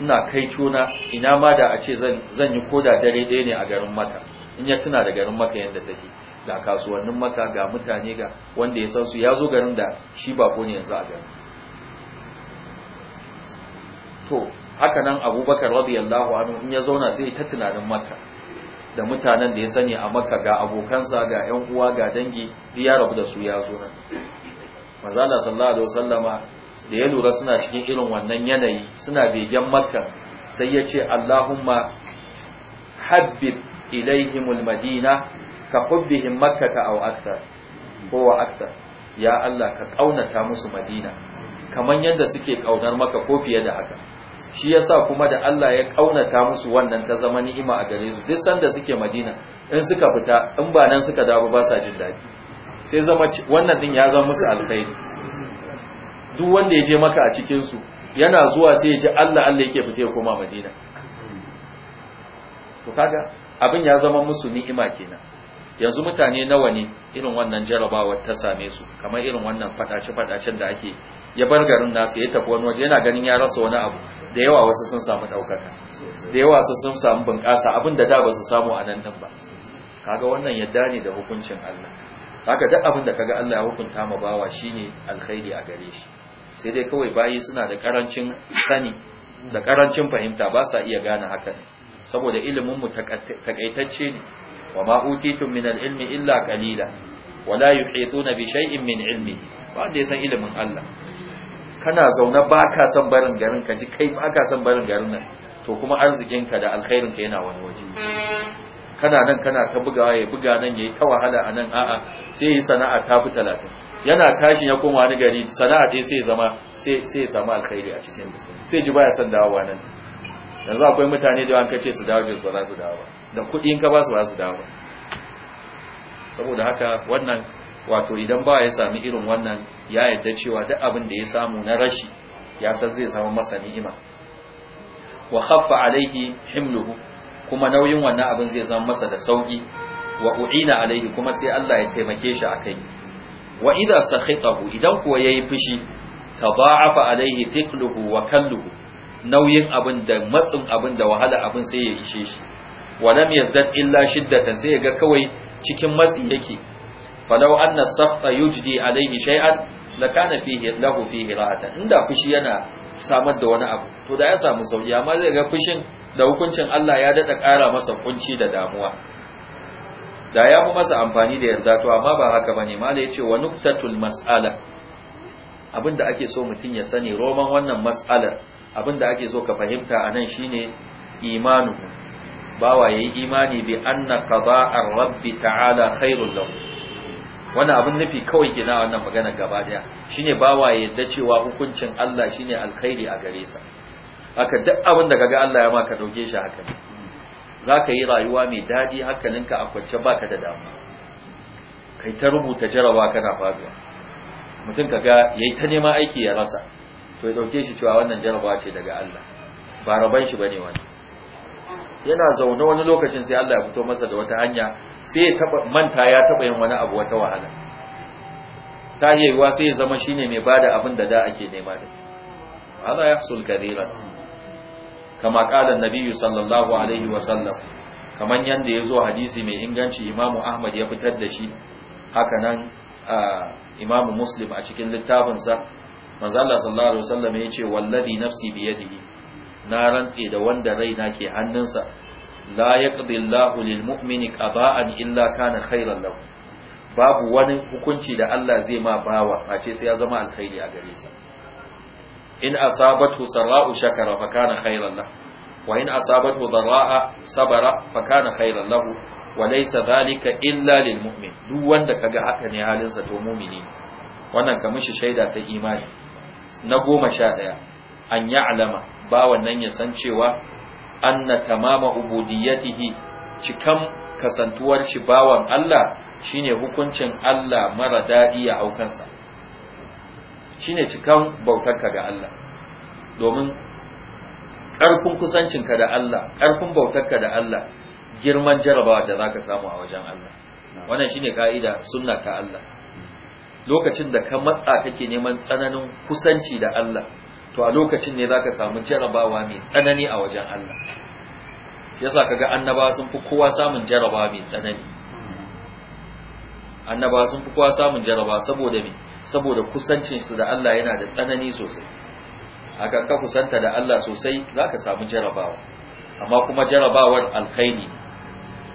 ina kai cuna ina ma da a ce zan yi koda dare ɗaya ne a garin maka in ya tuna da garin maka yadda take ga kasuwannin maka ga mutane ga wanda ya san su ya zo garin da shi ba ko ne yanzu a garin to haka nan abubakar radiyallahu anhu in ya zauna sai ta tunanin maka da mutanen da ya sani a maka ga abokansa ga yan uwa ga dangi duk ya rabu da su ya zo nan mazana sallallahu alaihi wasallama da ya lura suna cikin irin wannan yanayi suna begen makka sai ya ce allahumma habib ilaihimul madina ka hubbihim ta aw akthar ko wa akthar ya Allah ka kaunata musu madina kaman yadda suke kaunar maka ko fiye da haka shi yasa kuma da Allah ya kaunata musu wannan ta zama ni'ima a gare su duk sanda suke madina in suka fita in ba nan suka dawo ba sa jin daɗi sai zama wannan din ya zama musu alkhairi duk wanda ya je maka a cikin su yana zuwa sai ya ji Allah Allah yake fita ya koma Madina to kaga abin ya zama musu ni'ima kenan yanzu mutane nawa ne irin wannan jarabawar ta same su kamar irin wannan fadace-fadacen da ake ya bar garin nasu ya tafi wani waje yana ganin ya rasa wani abu da yawa wasu sun samu ɗaukaka da yawa su sun samu bunƙasa abin da da ba su samu a nan din ba kaga wannan yadda ne da hukuncin Allah haka duk abin da kaga Allah ya hukunta ma bawa shine alkhairi a gare shi sai dai kawai bayi suna da karancin sani da karancin fahimta ba sa iya gane haka saboda ilimin mu takaitacce ne wa ma utitum min al'ilmi illa qalila wa la yuhituna bi shay'in min ilmi ba da san ilimin Allah kana zauna ba ka san barin garin ka ji kai ba ka san barin garin nan to kuma arzikinka da alkhairinka yana wani waje kana nan kana ta bugawa ya buga nan yayi ta wahala a nan a'a sai yi sana'a ta fi talatin yana tashi ya koma wani gari sana'a dai sai zama sai sai ya samu alkhairi a cikin sai ji baya son dawowa nan yanzu akwai mutane da an kace su dawo ba za su dawo ba da kuɗi in ka ba su ba su dawo saboda haka wannan wato idan ba ya sami irin wannan ya yadda cewa duk abin da ya samu na rashi ya san zai samu masa ni'ima wa khaffa alaihi himluhu kuma nauyin wannan abin zai zama masa da sauki wa u'ina alaihi kuma sai Allah ya taimake shi akai wa idza sakhitahu idan kuwa yayi fushi tada'afa alaihi thiqluhu wa kalluhu nauyin abin da matsin abin da wahala abin sai ya ishe shi wa lam yazdad illa shiddatan sai ya ga kawai cikin matsi yake falau anna sakhta yujdi alaihi shay'an lakana fihi lahu fihi ra'atan inda fushi yana samar da wani abu to da ya samu sauki amma zai ga fushin da hukuncin Allah ya daɗa ƙara masa kunci da damuwa da ya fi masa amfani da yarda to amma ba haka bane mala yace wa nuktatul mas'ala abinda ake so mutum ya sani roman wannan mas'alar abinda ake so ka fahimta anan shine imanu bawa yayi imani bi anna qada'ar rabbi ta'ala khairul lahu wannan abin nufi kawai gina wannan magana gaba daya shine bawa wa yarda cewa hukuncin Allah shine alkhairi a gare sa haka duk abin da kaga Allah ya maka dauke shi haka zaka yi rayuwa mai dadi hankalinka a kwance baka da damuwa kai ta rubuta jarawa kana faduwa mutum kaga yayi ta neman aiki ya rasa to ya dauke shi cewa wannan jarawa ce daga Allah ba raban shi bane wani yana zaune wani lokacin sai Allah ya fito masa da wata hanya sai ya taba manta ya taba yin wani abu wata wahala ta wa sai ya zama shine mai bada abin da da ake nema da hada yahsul kadiran kama qala Nabiyyu nabi sallallahu alaihi wa sallam kaman yanda yazo hadisi mai inganci imamu ahmad ya fitar da shi haka nan imamu muslim a cikin littafinsa manzo Allah sallallahu alaihi wasallam yace wallazi nafsi bi yadihi na rantse da wanda raina ke hannunsa la yaqdi Allahu lil mu'mini qada'an illa kana khairan lahu babu wani hukunci da Allah zai ma bawa mace sai ya zama alkhairi a gare sa in asabathu sarra'u shakara fa kana khayran lahu wa in asabathu dharra'a sabara fa kana khayran lahu wa laysa dhalika illa lil mu'min duk wanda kaga haka ne halinsa to mu'mini wannan ka mishi shaida ta imani na goma sha ɗaya an ya'lama ba wannan ya san cewa anna tamama ubudiyyatihi cikan kasantuwar shi bawan Allah shine hukuncin Allah mara daɗi ya aukansa shine cikan bautarka ga Allah domin ƙarfin kusancinka da Allah ƙarfin bautarka da Allah girman jarabawa da zaka samu a wajen Allah wannan shine ka'ida sunna ta Allah lokacin da ka matsa kake neman tsananin kusanci da Allah to a lokacin ne zaka samu jarabawa mai tsanani a wajen Allah yasa kaga annabawa sun fi kowa samun jarabawa mai tsanani annabawa sun fi kowa samun jarabawa saboda me saboda kusancinsu da Allah yana da tsanani sosai haka ka kusanta da Allah sosai za ka samu jarabawa amma kuma jarabawar alkhairi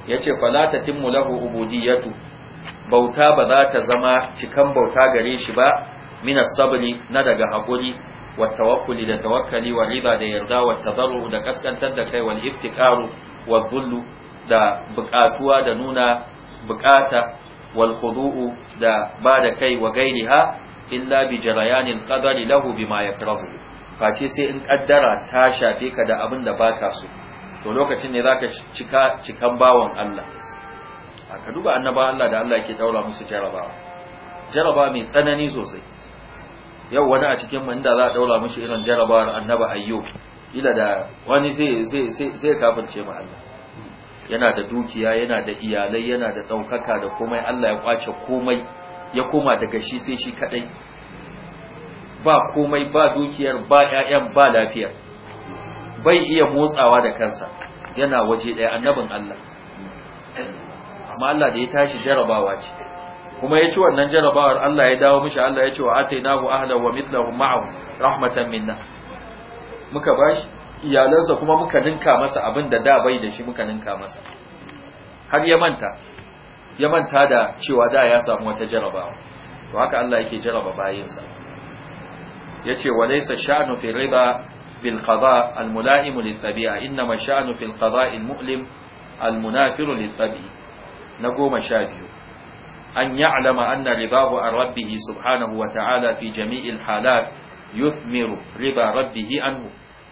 ya ce falata timmu lahu ubudiyatu bauta ba za ta zama cikan bauta gare shi ba minas sabri na daga hakuri, wa tawakkuli da tawakkali wa riba da yarda wa tadarru da kaskantar da kai wal iftikaru wa dhullu da buƙatuwa da nuna buƙata wal da ba da kai wa ha, illa bi jarayanil qadari lahu bima face sai in ƙaddara ta shafe ka da abin da baka so to lokacin ne zaka cika cikan bawan Allah aka duba annaba Allah da Allah yake daura musu jarabawa jaraba mai tsanani sosai yau wani a cikin mu inda za a daura mishi irin jarabawar annaba ayyub ila da wani zai kafance zai kafirce mu Allah yana da dukiya yana da iyalai yana da ɗaukaka da komai Allah ya kwace komai ya koma daga shi sai shi kadai ba komai ba dukiyar ba ƴaƴan ba lafiya. bai iya motsawa da kansa yana waje ɗaya annabin Allah amma Allah da ya tashi jarabawa ce kuma ya ci wannan jarabawar Allah ya dawo mishi Allah ya ce wa atainahu ahlan wa mithlahum ma'ahum rahmatan minna muka bashi iyalansa kuma muka ninka masa abin da da bai da shi muka ninka masa har ya manta ya manta da cewa da ya samu wata jarrabawa, to haka Allah yake jaraba bayinsa yace walaysa sha'nu fi riba bil qada al mula'im lil tabi'a inma sha'nu fil qada al mu'lim al munafiru lil tabi'i na goma sha biyu an ya'lama anna ribahu an rabbihi subhanahu wa ta'ala fi jami'il halat yuthmiru riba rabbihi anhu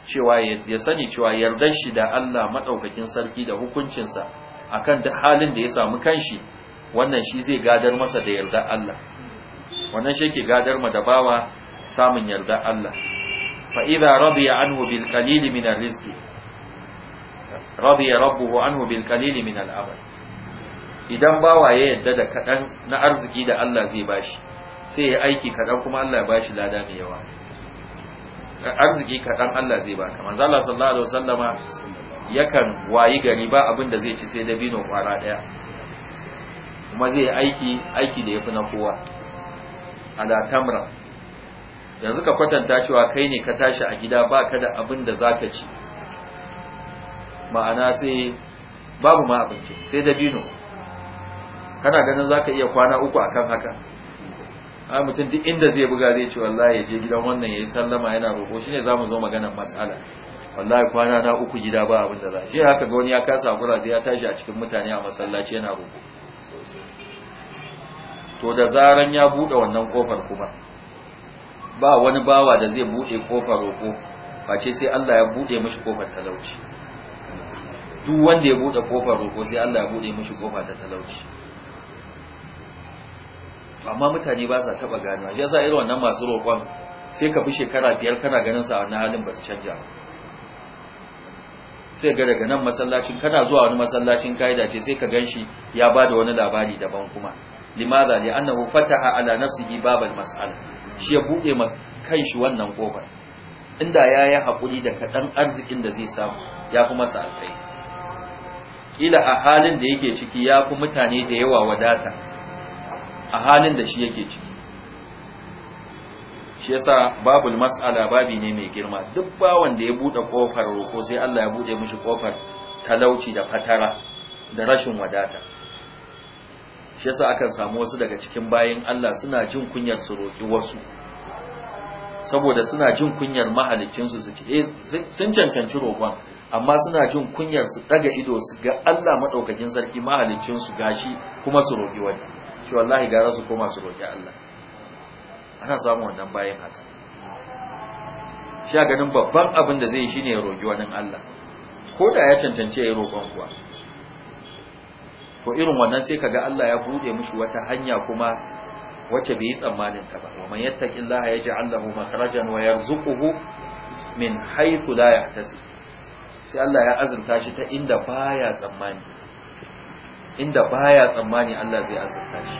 cewa ya sani cewa yardar shi da Allah madaukakin sarki da hukuncinsa akan duk halin da ya samu kanshi wannan shi zai gadar masa da yardar Allah wannan shi yake gadar ma da bawa samun yardar Allah fa idza radiya anhu bil qalil min ar-rizqi radiya rabbuhu anhu bil qalil min al-amal idan bawa ya yadda da kadan na arziki da Allah zai bashi sai ya aiki kadan kuma Allah ya bashi lada mai yawa arziki kaɗan Allah zai baka manzo Allah sallallahu alaihi wasallama yakan wayi gari ba abin da zai ci sai dabino kwara daya kuma zai aiki aiki da yafi na kowa ala tamra yanzu ka kwatanta cewa kai ne ka tashi a gida ba ka da abin da zaka ci ma'ana sai babu ma abinci sai dabino kana ganin zaka iya kwana uku akan haka a mutum duk inda zai buga zai ce wallahi ya je gidan wannan ya yi sallama yana roƙo shi ne za mu zo maganar matsala wallahi kwana na uku gida ba abin da za shi haka ga wani ya kasa gura sai ya tashi a cikin mutane a masallaci yana roƙo to da zaran ya buɗe wannan kofar kuma ba wani bawa da zai buɗe kofar roƙo face sai Allah ya buɗe mishi kofar talauci duk wanda ya buɗe kofar roƙo sai Allah ya buɗe mishi ƙofar ta talauci amma mutane ba sa taɓa ganewa shi yasa irin wannan masu roƙon sai ka fi shekara biyar kana ganin sa a wannan halin ba su canja sai ga daga nan masallacin kana zuwa wani masallacin kaida ce sai ka gan shi ya ba da wani labari daban kuma limaza li annahu fataha ala nafsihi babal mas'ala shi ya bude ma kanshi wannan kofar inda ya yi haƙuri da kaɗan arzikin da zai samu ya kuma sa alkai kila a halin da yake ciki ya ku mutane da yawa wadata a halin da shi yake ciki shi yasa babul mas'ala babi ne mai girma duk bawan da ya bude kofar roko sai Allah ya bude mishi kofar talauci da fatara da rashin wadata shi yasa akan samu wasu daga cikin bayin Allah suna jin kunyar su roki wasu saboda suna jin kunyar mahalicinsu su ce eh, sun cancanci roƙon amma suna jin kunyar su daga ido su ga Allah madaukakin sarki su gashi kuma su roƙi wani shi wallahi gara su koma su roƙi Allah ana samun wannan bayan hasa shi a ganin babban abin da zai yi shine ya roƙi wani Allah ko da ya cancanci ya yi roƙon kuwa ko irin wannan sai kaga Allah ya bude mishi wata hanya kuma wacce bai yi tsammanin ta ba wa man yattaqillaha yaj'al lahu makhrajan wa yarzuquhu min haythu la yahtasib sai Allah ya azurta shi ta inda baya tsammani inda baya tsammani Allah zai azurta shi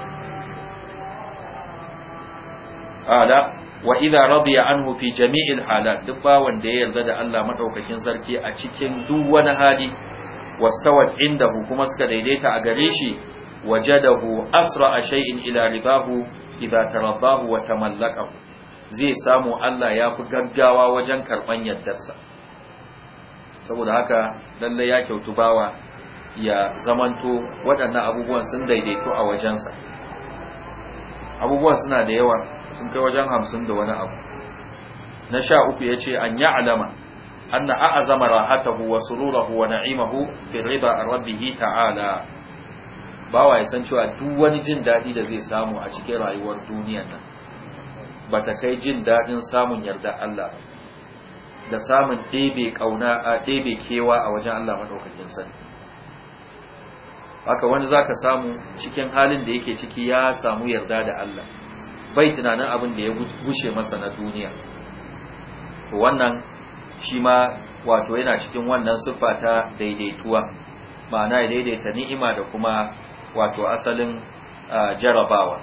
ala wa idza radiya anhu fi jami'il halat duk bawan da ya yarda da Allah madaukakin sarki a cikin duk wani hali wastawat indahu kuma suka daidaita a gare shi wajadahu asra shay'in ila ridahu idza taradahu wa tamallaqahu zai samu Allah ya fi gaggawa wajen karban yaddarsa saboda haka lalle ya kyautu bawa ya zamanto waɗannan abubuwan sun daidaito a wajensa abubuwan suna da yawa sun kai wajen hamsin da wani abu na sha uku ya ce an ya alama anna azama rahatahu wa sururahu wa na'imahu fi rida rabbih ta'ala bawa ya san cewa duk wani jin daɗi da zai samu a cikin rayuwar duniyar nan ba ta kai jin daɗin samun yarda Allah da samun ɗebe a kewa a wajen Allah maɗaukakin sani haka wani zaka samu cikin halin da yake ciki ya samu yarda da Allah bai tunanin abin da ya gushe masa na duniya to wannan shi ma wato yana cikin wannan siffa ta daidaituwa ma'ana ya daidaita ni'ima da kuma wato asalin jarabawa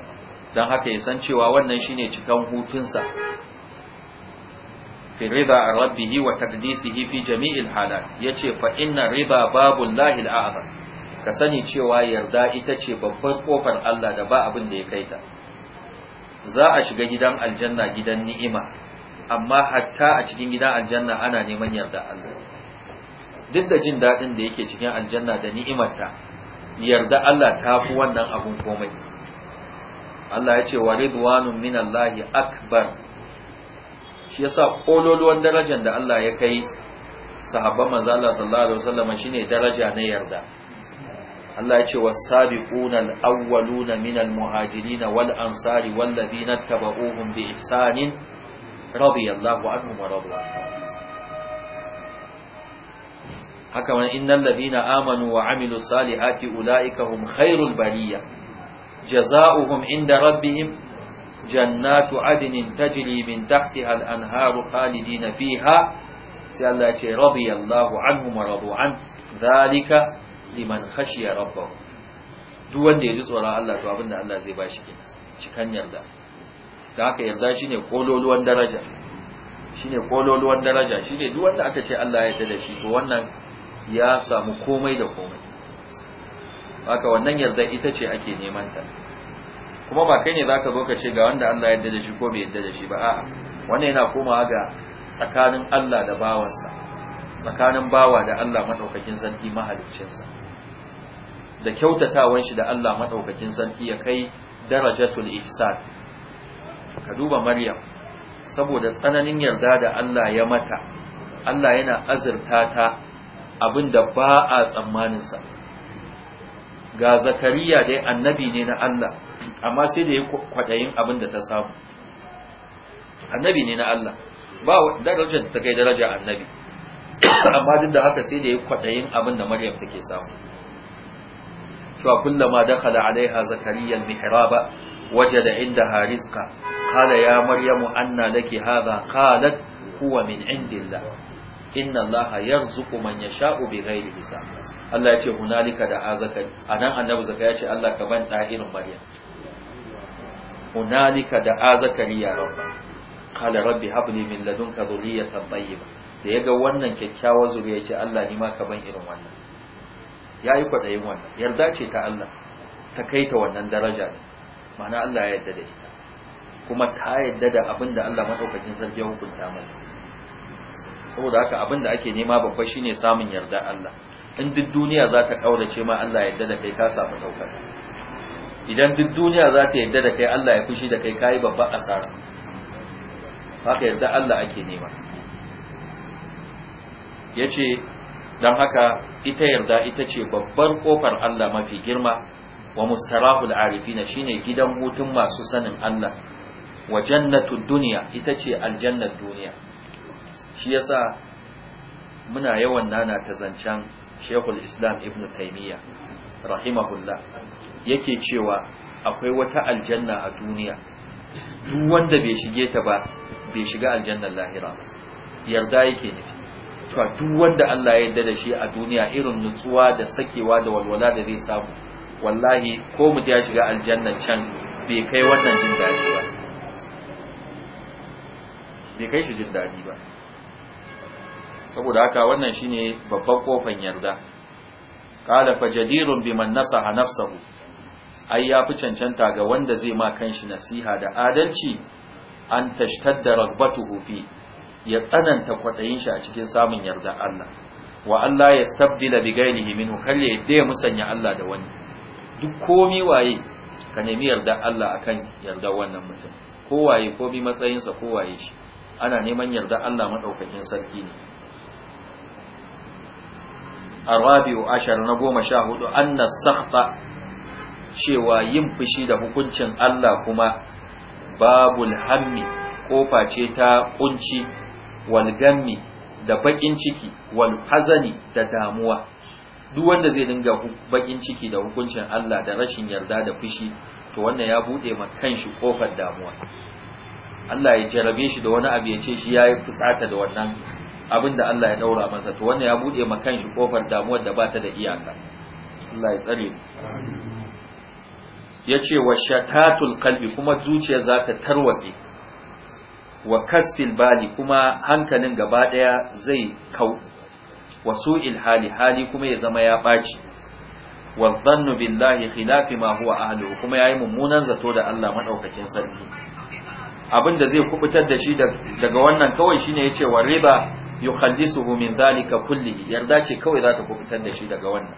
don haka ya san cewa wannan shine cikan hutunsa fi riba a rabbihi wa taqdisihi fi jami'il halat yace fa inna riba babul lahil a'zam ka sani cewa yarda ita ce babbar kofar Allah da ba abin da ya kai ta za a shiga gidan aljanna gidan ni'ima amma hatta a cikin gidan aljanna ana neman yarda Allah duk da jin daɗin da yake cikin aljanna da ni'imar ta yarda Allah ta fi wannan abun komai Allah ya ce wa ridwanun minallahi akbar shi yasa kololuwan darajar da Allah ya kai sahabban manzo Allah sallallahu alaihi wasallam shine daraja na yarda Allah ya ce was-sabiquna al-awwaluna minal muhajirin wal ansari wal ladina tabauhum bi ihsanin radiyallahu anhum wa radu haka wani innal ladina amanu wa amilu salihati ulaika hum khairul bariya jazaohum inda rabbihim jannatu adnin tajri min tahtiha al-anharu khalidina fiha sai Allah ya ce radiyallahu anhum wa radu an dhalika liman khashiya rabbahu duk wanda ya ji tsoron Allah to abinda Allah zai bashi kenan cikan yarda da haka yarda shine kololuwan daraja shine kololuwan daraja shine duk wanda aka ce Allah ya yarda da shi to wannan ya samu komai da komai haka wannan yarda ita ce ake neman ta kuma ba kai ne zaka zo ka ce ga wanda Allah ya yarda da shi ko bai yarda da shi ba a'a wannan yana komawa ga tsakanin Allah da bawansa tsakanin bawa da Allah madaukakin sarki mahaliccinsa da kyautatawan shi da Allah madaukakin sarki ya kai darajatul ihsan ka duba maryam saboda tsananin yarda da Allah ya mata Allah yana azurta ta abinda ba a tsammanin sa ga zakariya dai annabi ne na Allah amma sai da ya kwadayin abinda ta samu annabi ne na Allah ba darajar da ta kai daraja annabi amma duk da haka sai da ya kwadayin abinda maryam take samu cewa kullama dakhala alaiha zakariya almihraba wajada indaha rizqa qala ya maryamu anna lake hadha qalat huwa min indillah inna allaha yarzuqu man yasha'u bighairi hisab Allah ya ce hunalika da azakari anan annabi zakariya ya ce Allah ka ban da irin maryam hunalika da azakari ya rabba qala rabbi habli min ladunka da wannan kyakkyawar zuriya ce Allah ni ma ka ban irin wannan ya yi kwaɗayin wannan yarda ce ta Allah ta kai ta wannan daraja ne ma'ana Allah ya yarda da ita kuma ta yarda da abin da Allah maɗaukakin sarki ya hukunta mai saboda haka abin da ake nema babba shine samun yarda Allah in duk duniya za ta ƙaurace ma Allah ya yarda da kai ka samu ɗaukar idan duk duniya za ta yarda da kai Allah ya fushi da kai yi babban asara haka yarda Allah ake nema yace dan haka ita yarda ita ce babbar kofar Allah mafi girma wa mustarahul arifina shine gidan hutun masu sanin Allah wa jannatud duniya ita ce aljannat duniya shi yasa muna yawan nana ta zancen Sheikhul Islam Ibn taimiyya rahimahullah yake cewa akwai wata aljanna a duniya duk wanda bai shige ta ba bai shiga aljannar lahira yarda yake nufi cewa duk wanda Allah ya yarda da shi a duniya irin nutsuwa da sakewa da walwala da zai samu wallahi ko mu ya shiga aljanna can bai kai wannan jin daɗi ba bai kai shi jin daɗi ba saboda haka wannan shine babban kofan yarda qala fa jadirun biman nasaha nafsahu ai ya fi cancanta ga wanda zai ma kanshi nasiha da adalci an tashtadda ragbatuhu fi ya tsananta kwaɗayin shi a cikin samun yarda Allah wa Allah ya stabdila bi ghairihi minhu kar ya yadda ya musanya Allah da wani duk komi waye ka nemi yarda Allah akan yarda wannan mutum ko waye ko matsayin matsayinsa ko waye shi ana neman yarda Allah madaukakin sarki ne arabiu ashar na goma sha hudu anna sakhta cewa yin fushi da hukuncin Allah kuma babul hammi kofa ce ta kunci wal gammi da bakin ciki wal hazani da damuwa duk wanda zai dinga bakin ciki da hukuncin Allah da rashin yarda da fushi to wannan ya bude ma kanshi kofar damuwa Allah ya jarabe shi da wani abu ya ce shi ya yi fusata da wannan abin da Allah ya daura masa to wannan ya bude ma kanshi kofar damuwar da ba ta da iyaka Allah ya tsare ya ce wa shatatul qalbi kuma zuciya za ta tarwatse wa kasfil bali kuma hankalin gaba daya zai kau wa su'il hali hali kuma ya zama ya baci wa dhannu billahi khilafi ma huwa ahluhu kuma yayi mummunan zato da Allah madaukakin sarki abinda zai kubutar da shi daga wannan kawai shine yace wa riba yukhallisuhu min dhalika kullihi yarda ce kawai za ta kubutar da shi daga wannan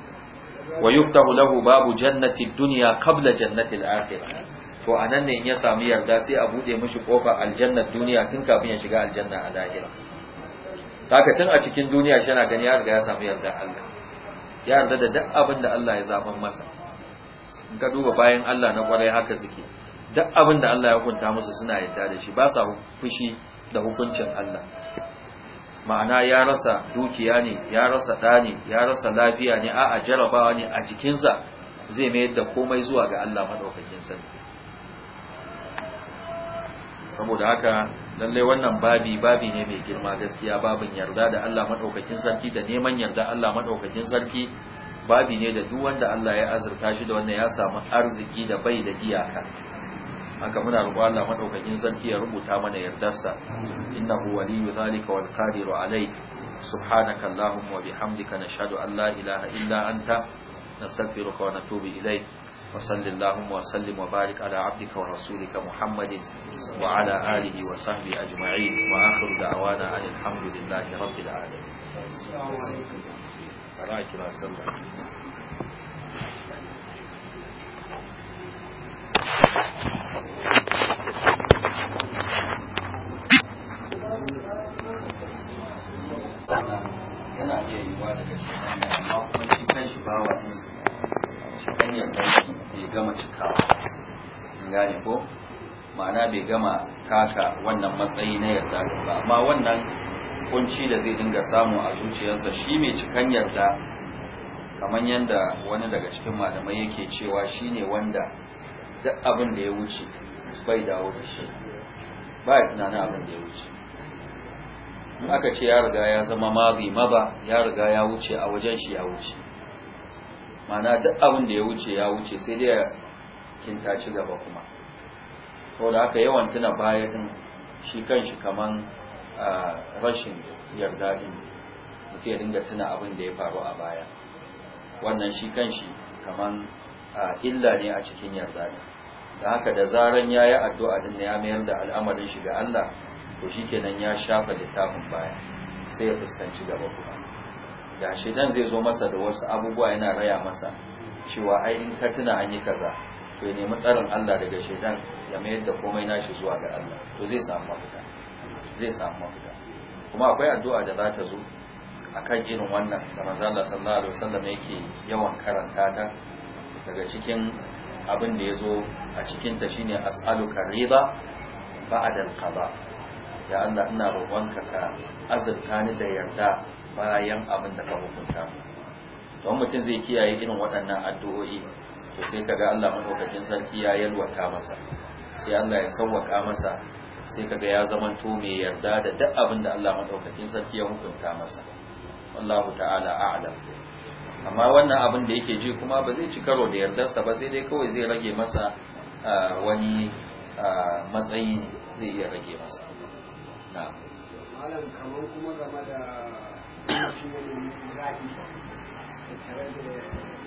wa yuftahu lahu babu jannati dunya qabla jannati al-akhirah to anan ne in ya samu yarda sai a buɗe mishi ƙofar aljannar duniya tun kafin ya shiga aljanna a lahira haka tun a cikin duniya shi yana gani ya riga ya samu yarda Allah ya yarda da duk abin da Allah ya zaɓan masa in ka duba bayan Allah na ƙwarai haka suke duk abin da Allah ya hukunta musu suna yarda da shi ba sa fushi da hukuncin Allah ma'ana ya rasa dukiya ne ya rasa ɗa ne ya rasa lafiya ne a'a jarabawa ne a jikinsa zai mayar da komai zuwa ga Allah maɗaukakin sani saboda haka lallai wannan babi babi ne mai girma gaskiya babin yarda da Allah madaukakin sarki da neman yarda Allah madaukakin sarki babi ne da duk wanda Allah ya azurta shi da wannan ya samu arziki da bai da iyaka haka muna roƙo Allah madaukakin sarki ya rubuta mana yardarsa innahu waliyyu zalika wal qadiru alayhi subhanaka allahumma wa bihamdika nashhadu an la ilaha illa anta nastaghfiruka wa natubu ilayk وصل اللهم وسلم وبارك على عبدك ورسولك محمد وعلى آله وصحبه أجمعين وآخر دعوانا أن الحمد لله رب العالمين رأيك لا سلم Thank you. gama kaka wannan matsayi na yarda ba amma wannan kunci da zai dinga samu a zuciyarsa shi mai cikan yarda kamar yadda wani daga cikin malamai yake cewa shi ne wanda duk abin da ya wuce bai dawo da shi ba ya tunanin abin da ya wuce in aka ce ya riga ya zama mabi maba ya riga ya wuce a wajen shi ya wuce mana duk abin da ya wuce ya wuce sai dai ya ci gaba kuma saboda aka yawan tuna baya din shi kanshi kaman rashin yarda din mutum ya dinga tuna abin da ya faru a baya wannan shi kanshi kaman illa ne a cikin yarda din da haka da zaran ya yi addu'a din ya mayar da al'amarin shi ga Allah to shi kenan ya shafa littafin baya sai ya fuskanci gaba kuma da shi dan zai zo masa da wasu abubuwa yana raya masa cewa ai in ka tuna an yi kaza to ya nemi tsarin Allah daga shaidan ya mayar da komai nashi zuwa ga Allah to zai samu mafita zai samu mafita kuma akwai addu'a da za ta zo a kan irin wannan da manzo sallallahu alaihi wasallam yake yawan karanta ta daga cikin abin da ya zo a cikin ta shine as'aluka rida ba'da al-qada ya Allah ina roƙonka ka azurta ni da yarda bayan abin da ka hukunta don mutum zai kiyaye irin waɗannan addu'o'i to sai kaga Allah madaukakin sarki ya yalwata masa sai Allah ya sauwaka masa sai kaga ya zamanto mai yarda da duk abin da Allah madaukakin sarki ya hukunta masa wallahu ta'ala a'lam amma wannan abin da yake ji kuma ba zai ci karo da yardarsa ba sai dai kawai zai rage masa wani matsayi zai iya rage masa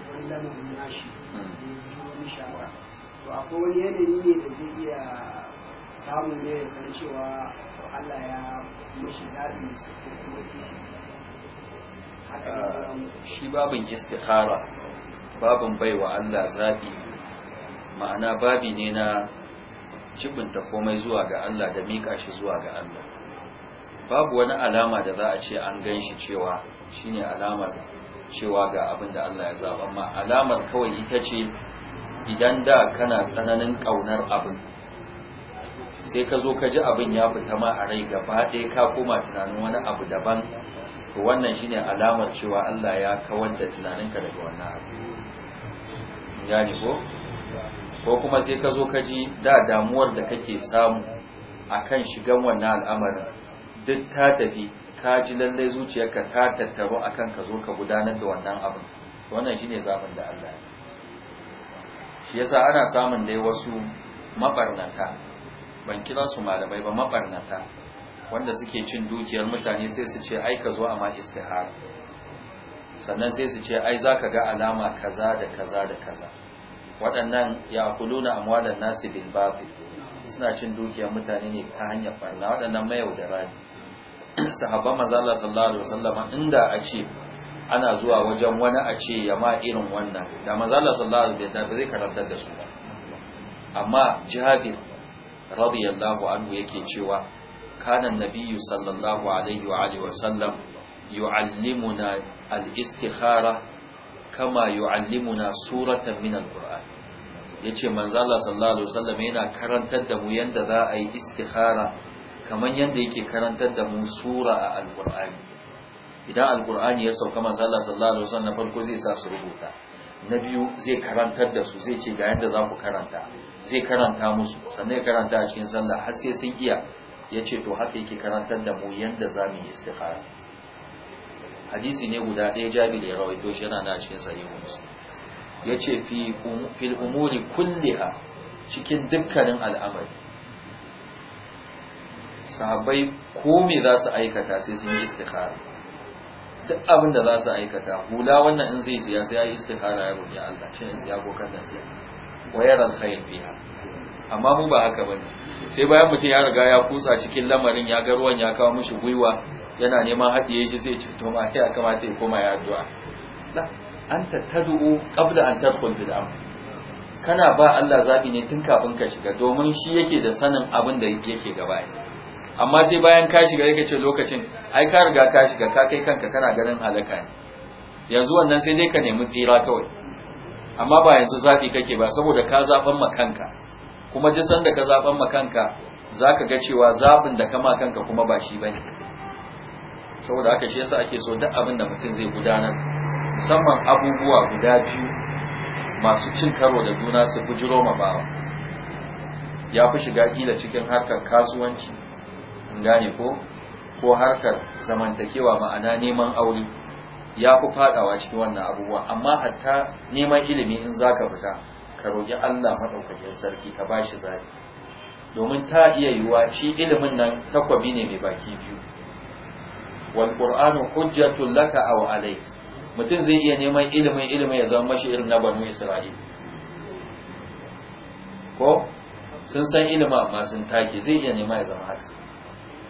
sallama nashi da ya wani shawara to akwai wani yanayi ne da zai iya samun ne ya san cewa Allah ya mishi daɗi su shi babin istikhara babin baiwa Allah zaɓi ma'ana babi ne na cibinta komai zuwa ga Allah da miƙa shi zuwa ga Allah babu wani alama da za a ce an gan shi cewa shine alamar cewa ga abin da Allah ya zaɓa Amma alamar kawai ita ce idan da kana tsananin ƙaunar abin sai ka zo ka ji abin ya fita ma a rai gaba ɗaya ka koma tunanin wani abu daban to wannan shine alamar cewa Allah ya kawar da tunaninka daga wannan abu ne ko ko kuma sai ka zo ka ji da damuwar da kake samu akan shigan wannan al'amarin duk ta tafi ka ji lallai zuciyarka ta tattaro akan ka zo ka gudanar da wannan abin wannan ne zaɓin da Allah ya shi yasa ana samun dai wasu maɓarnata, ban kira su malamai ba maɓarnata, wanda suke cin dukiyar mutane sai su ce ai ka zo a ma sannan sai su ce ai za ka ga alama kaza da kaza da kaza waɗannan ya kuluna Amwalar nasi bil bafi suna cin dukiyar mutane ne ta hanyar barna waɗannan mayaudara ne sahabban mazala sallallahu alaihi wasallama inda a ce ana zuwa wajen wani a ce ya ma irin wannan da mazala sallallahu alaihi wasallama zai karantar da su ba amma jabir radiyallahu anhu yake cewa kana annabiyyu sallallahu alaihi wa alihi wasallam yu'allimuna al-istikhara kama yu'allimuna suratan min al-qur'an yace manzo Allah sallallahu alaihi wasallam yana karantar da mu yanda za a yi istikhara kamar yadda yake karantar da mu sura a alkur'ani idan alkur'ani ya sauka masu Allah sallallahu alaihi wasallam na farko zai sa su rubuta na biyu zai karantar da su zai ce ga yadda za ku karanta zai karanta musu sannan ya karanta a cikin sallah har sai sun iya ya ce to haka yake karantar da mu yadda za mu yi istikhara hadisi ne guda ɗaya jabir ya rawaito shi yana na cikin sahihu muslim ya ce fi fil umuri kulliha cikin dukkanin al'amari sahabbai ko me za su aikata sai sun yi istikhara duk abin da za su aikata hula wannan in zai siya sai ya yi istikhara ya roƙi Allah shi in siya ko kan siya wayar alkhair fiha amma mu ba haka bane sai bayan mutum ya riga ya kusa cikin lamarin ya ga ruwan ya kawo mishi gwiwa yana neman haɗiye shi sai ce to ma ya kamata ya koma ya addu'a la anta tad'u qabla an tadkhul bil amr kana ba Allah zabi ne tun kafin ka shiga domin shi yake da sanin abin da yake gaba ne amma sai bayan ka shiga yake ce lokacin ai ka riga ka shiga ka kai kanka kana ganin halaka ne yanzu wannan sai dai ka nemi tsira kawai amma ba yanzu zafi kake ba saboda ka zaɓan ma kanka kuma san da ka zaɓan ma kanka za ka ga cewa zaɓin da kama kanka kuma ba shi ba ne saboda haka shi yasa ake so duk abin da mutum zai gudanar musamman abubuwa guda biyu masu cin karo da juna su bujiro ma bawa ya fi shiga kila cikin harkar kasuwanci gane ko ko harkar zamantakewa ma'ana neman aure ya ku fadawa cikin wannan abubuwa amma hatta neman ilimi in za ka fita ka roƙi Allah madaukakin sarki ka ba shi zafi, domin ta iya yiwuwa shi ilimin nan takwabi ne mai baki biyu wal qur'anu hujjatul laka aw alayk mutum zai iya neman ilimin ilimin ya zama mashi irin na banu isra'il ko sun san ilimin amma sun take zai iya nema ya zama haske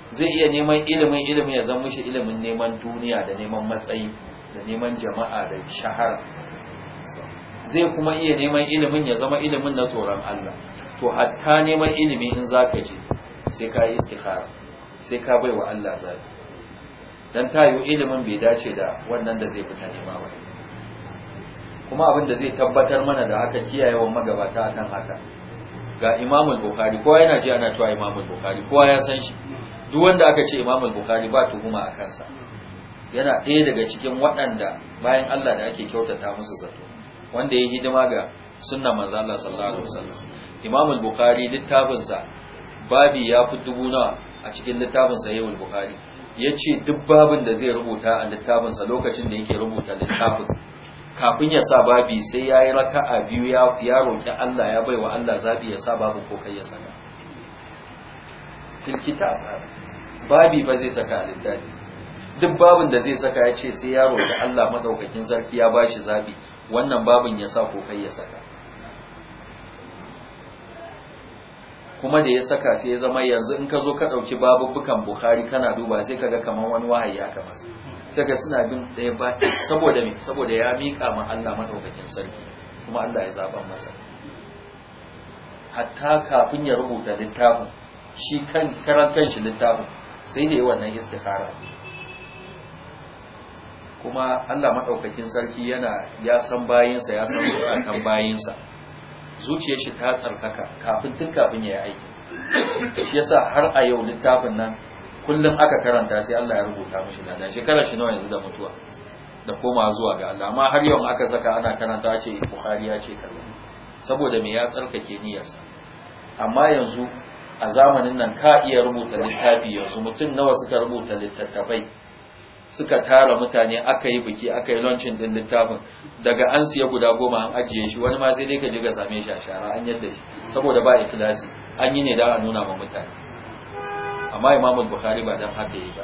zai iya neman ilimin ilimin ya zama shi ilimin neman duniya da neman matsayi da neman jama'a da shahara zai kuma iya neman ilimin ya zama ilimin na tsoron Allah to hatta neman ilimi in zaka ji sai ka yi istikhara sai ka bai wa Allah zai dan tayo ilimin bai dace da wannan da zai fita nema ba kuma abin da zai tabbatar mana da haka kiyayewa magabata akan haka ga imamul Bukhari kowa yana ji ana cewa imamul Bukhari kowa ya san shi duk wanda aka ce imam bukhari ba tuhuma a kansa yana ɗaya daga cikin waɗanda bayan Allah da ake kyautata musu zato wanda ya yi hidima ga sunna manzo Allah sallallahu alaihi wasallam imam bukhari littafin sa babi ya fi dubu nawa a cikin littafin sa yawul bukhari yace duk babin da zai rubuta a littafin sa lokacin da yake rubuta littafin kafin ya sa babi sai ya yi raka'a biyu ya roƙi Allah ya baiwa Allah zabi ya sa babu ko kai ya saka fil kitab babi ba zai saka a littafi duk babin da zai saka ya ce sai yaro da Allah madaukakin sarki ya bashi zabi wannan babin ya sa ko kai ya saka kuma da ya saka sai ya zama yanzu in ka zo ka ɗauki babubukan bukhari kana duba sai ka ga kamar wani wahayi aka masa sai ka suna bin ɗaya ba saboda me saboda ya miƙa ma Allah madaukakin sarki kuma Allah ya zaɓa masa hatta kafin ya rubuta littafin shi kan karan kanshi littafin sai da yi wannan istikhara kuma Allah maɗaukakin sarki yana ya san bayinsa ya san bukatan bayinsa zuciya shi ta tsarkaka kafin tun kafin ya yi aiki shi yasa har a yau littafin nan kullum aka karanta sai Allah ya rubuta mishi nan shekarar shi nawa yanzu da mutuwa da koma zuwa ga Allah amma har yau aka saka ana karanta ce Bukhari ya ce kaza saboda me ya tsarkake niyyarsa amma yanzu a zamanin nan ka iya rubuta littafi yanzu mutum nawa suka rubuta littattafai suka tara mutane aka yi biki aka yi launching din littafin daga an siya guda goma an ajiye shi wani ma sai dai ka je ka same shi a shara an yadda shi saboda ba ikhlasi an yi ne da a nuna ma mutane amma imam bukhari ba dan haka yi ba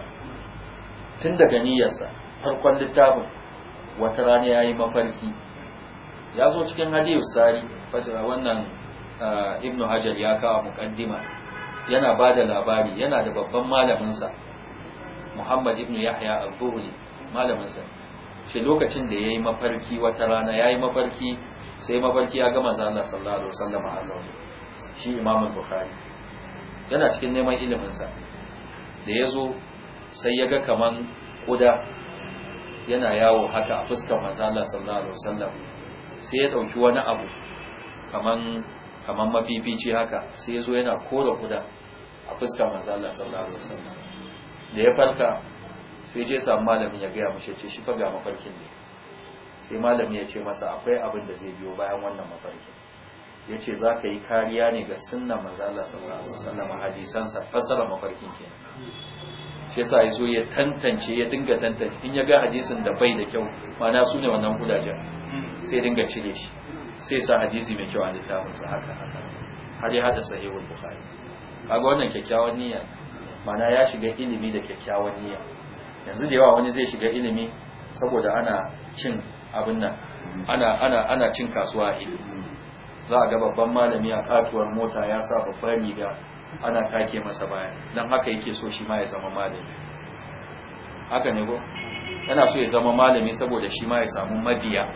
tun daga niyyarsa farkon littafin wata rana yayi mafarki ya zo cikin hadisi sari fasara wannan ah, ibnu hajar ya kawo muqaddima yana ba da labari yana da babban malaminsa muhammad ibn yahya al-zuhri malaminsa shi lokacin da ya yi mafarki wata rana ya yi mafarki sai mafarki ya gama zana sallallahu alaihi wasallam a zaune shi imamun bukhari yana cikin neman iliminsa da ya zo sai ya ga kaman kuda yana yawo haka a fuskar Allah sallallahu alaihi wasallam sai ya dauki wani abu kaman kamar mafifici haka sai ya zo yana kora kuda a fuskar manzala sallallahu alaihi wasallam da ya farka sai je samu malamin ya gaya mashi ce shi fa ga mafarkin ne sai malamin ya ce masa akwai abin da zai biyo bayan wannan mafarkin ya ce za ka yi kariya ne ga sunna manzala sallallahu alaihi wasallam hadisansa fasara mafarkin kenan shi yasa ya zo ya tantance ya dinga tantance in ya ga hadisin da bai da kyau ma'ana su ne wannan kudajen sai dinga cire shi sai sa hadisi mai kyau a littafinsa haka haka har ya hada sahihul bukhari kaga wannan kyakkyawan niyya mana ya shiga ilimi da kyakkyawan niyya yanzu da yawa wani zai shiga ilimi saboda ana cin abin nan ana ana ana cin kasuwa a ilimi za a ga babban malami a katuwar mota ya sa babbar riga ana take masa baya dan haka yake so shi ma ya zama malami haka ne go yana so ya zama malami saboda shi ma ya samu mabiya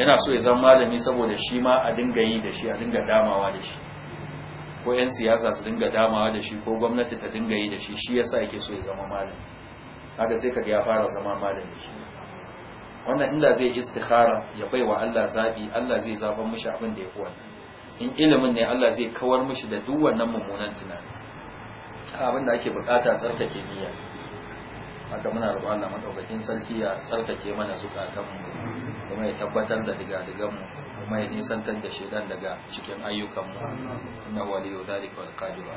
yana so ya zama malami saboda shi ma a dinga yi da shi a dinga damawa da shi ko 'yan siyasa su dinga damawa da shi ko gwamnati ta dinga yi da shi shi yasa yake so ya zama malami haka sai ka ya fara zama malami shi wannan inda zai istikhara ya bai wa Allah zabi Allah zai zaban mishi abin da ya fi wannan in ilimin ne Allah zai kawar mishi da duk wannan mummunan tunani abin da ake bukata tsarkake niyya haka muna roƙon Allah madaukakin sarki ya tsarkake mana zukatanmu kuma ya tabbatar da mu kuma ya nisantar da shaidan daga cikin ayyukan mu na waliyu zalika wal qadiru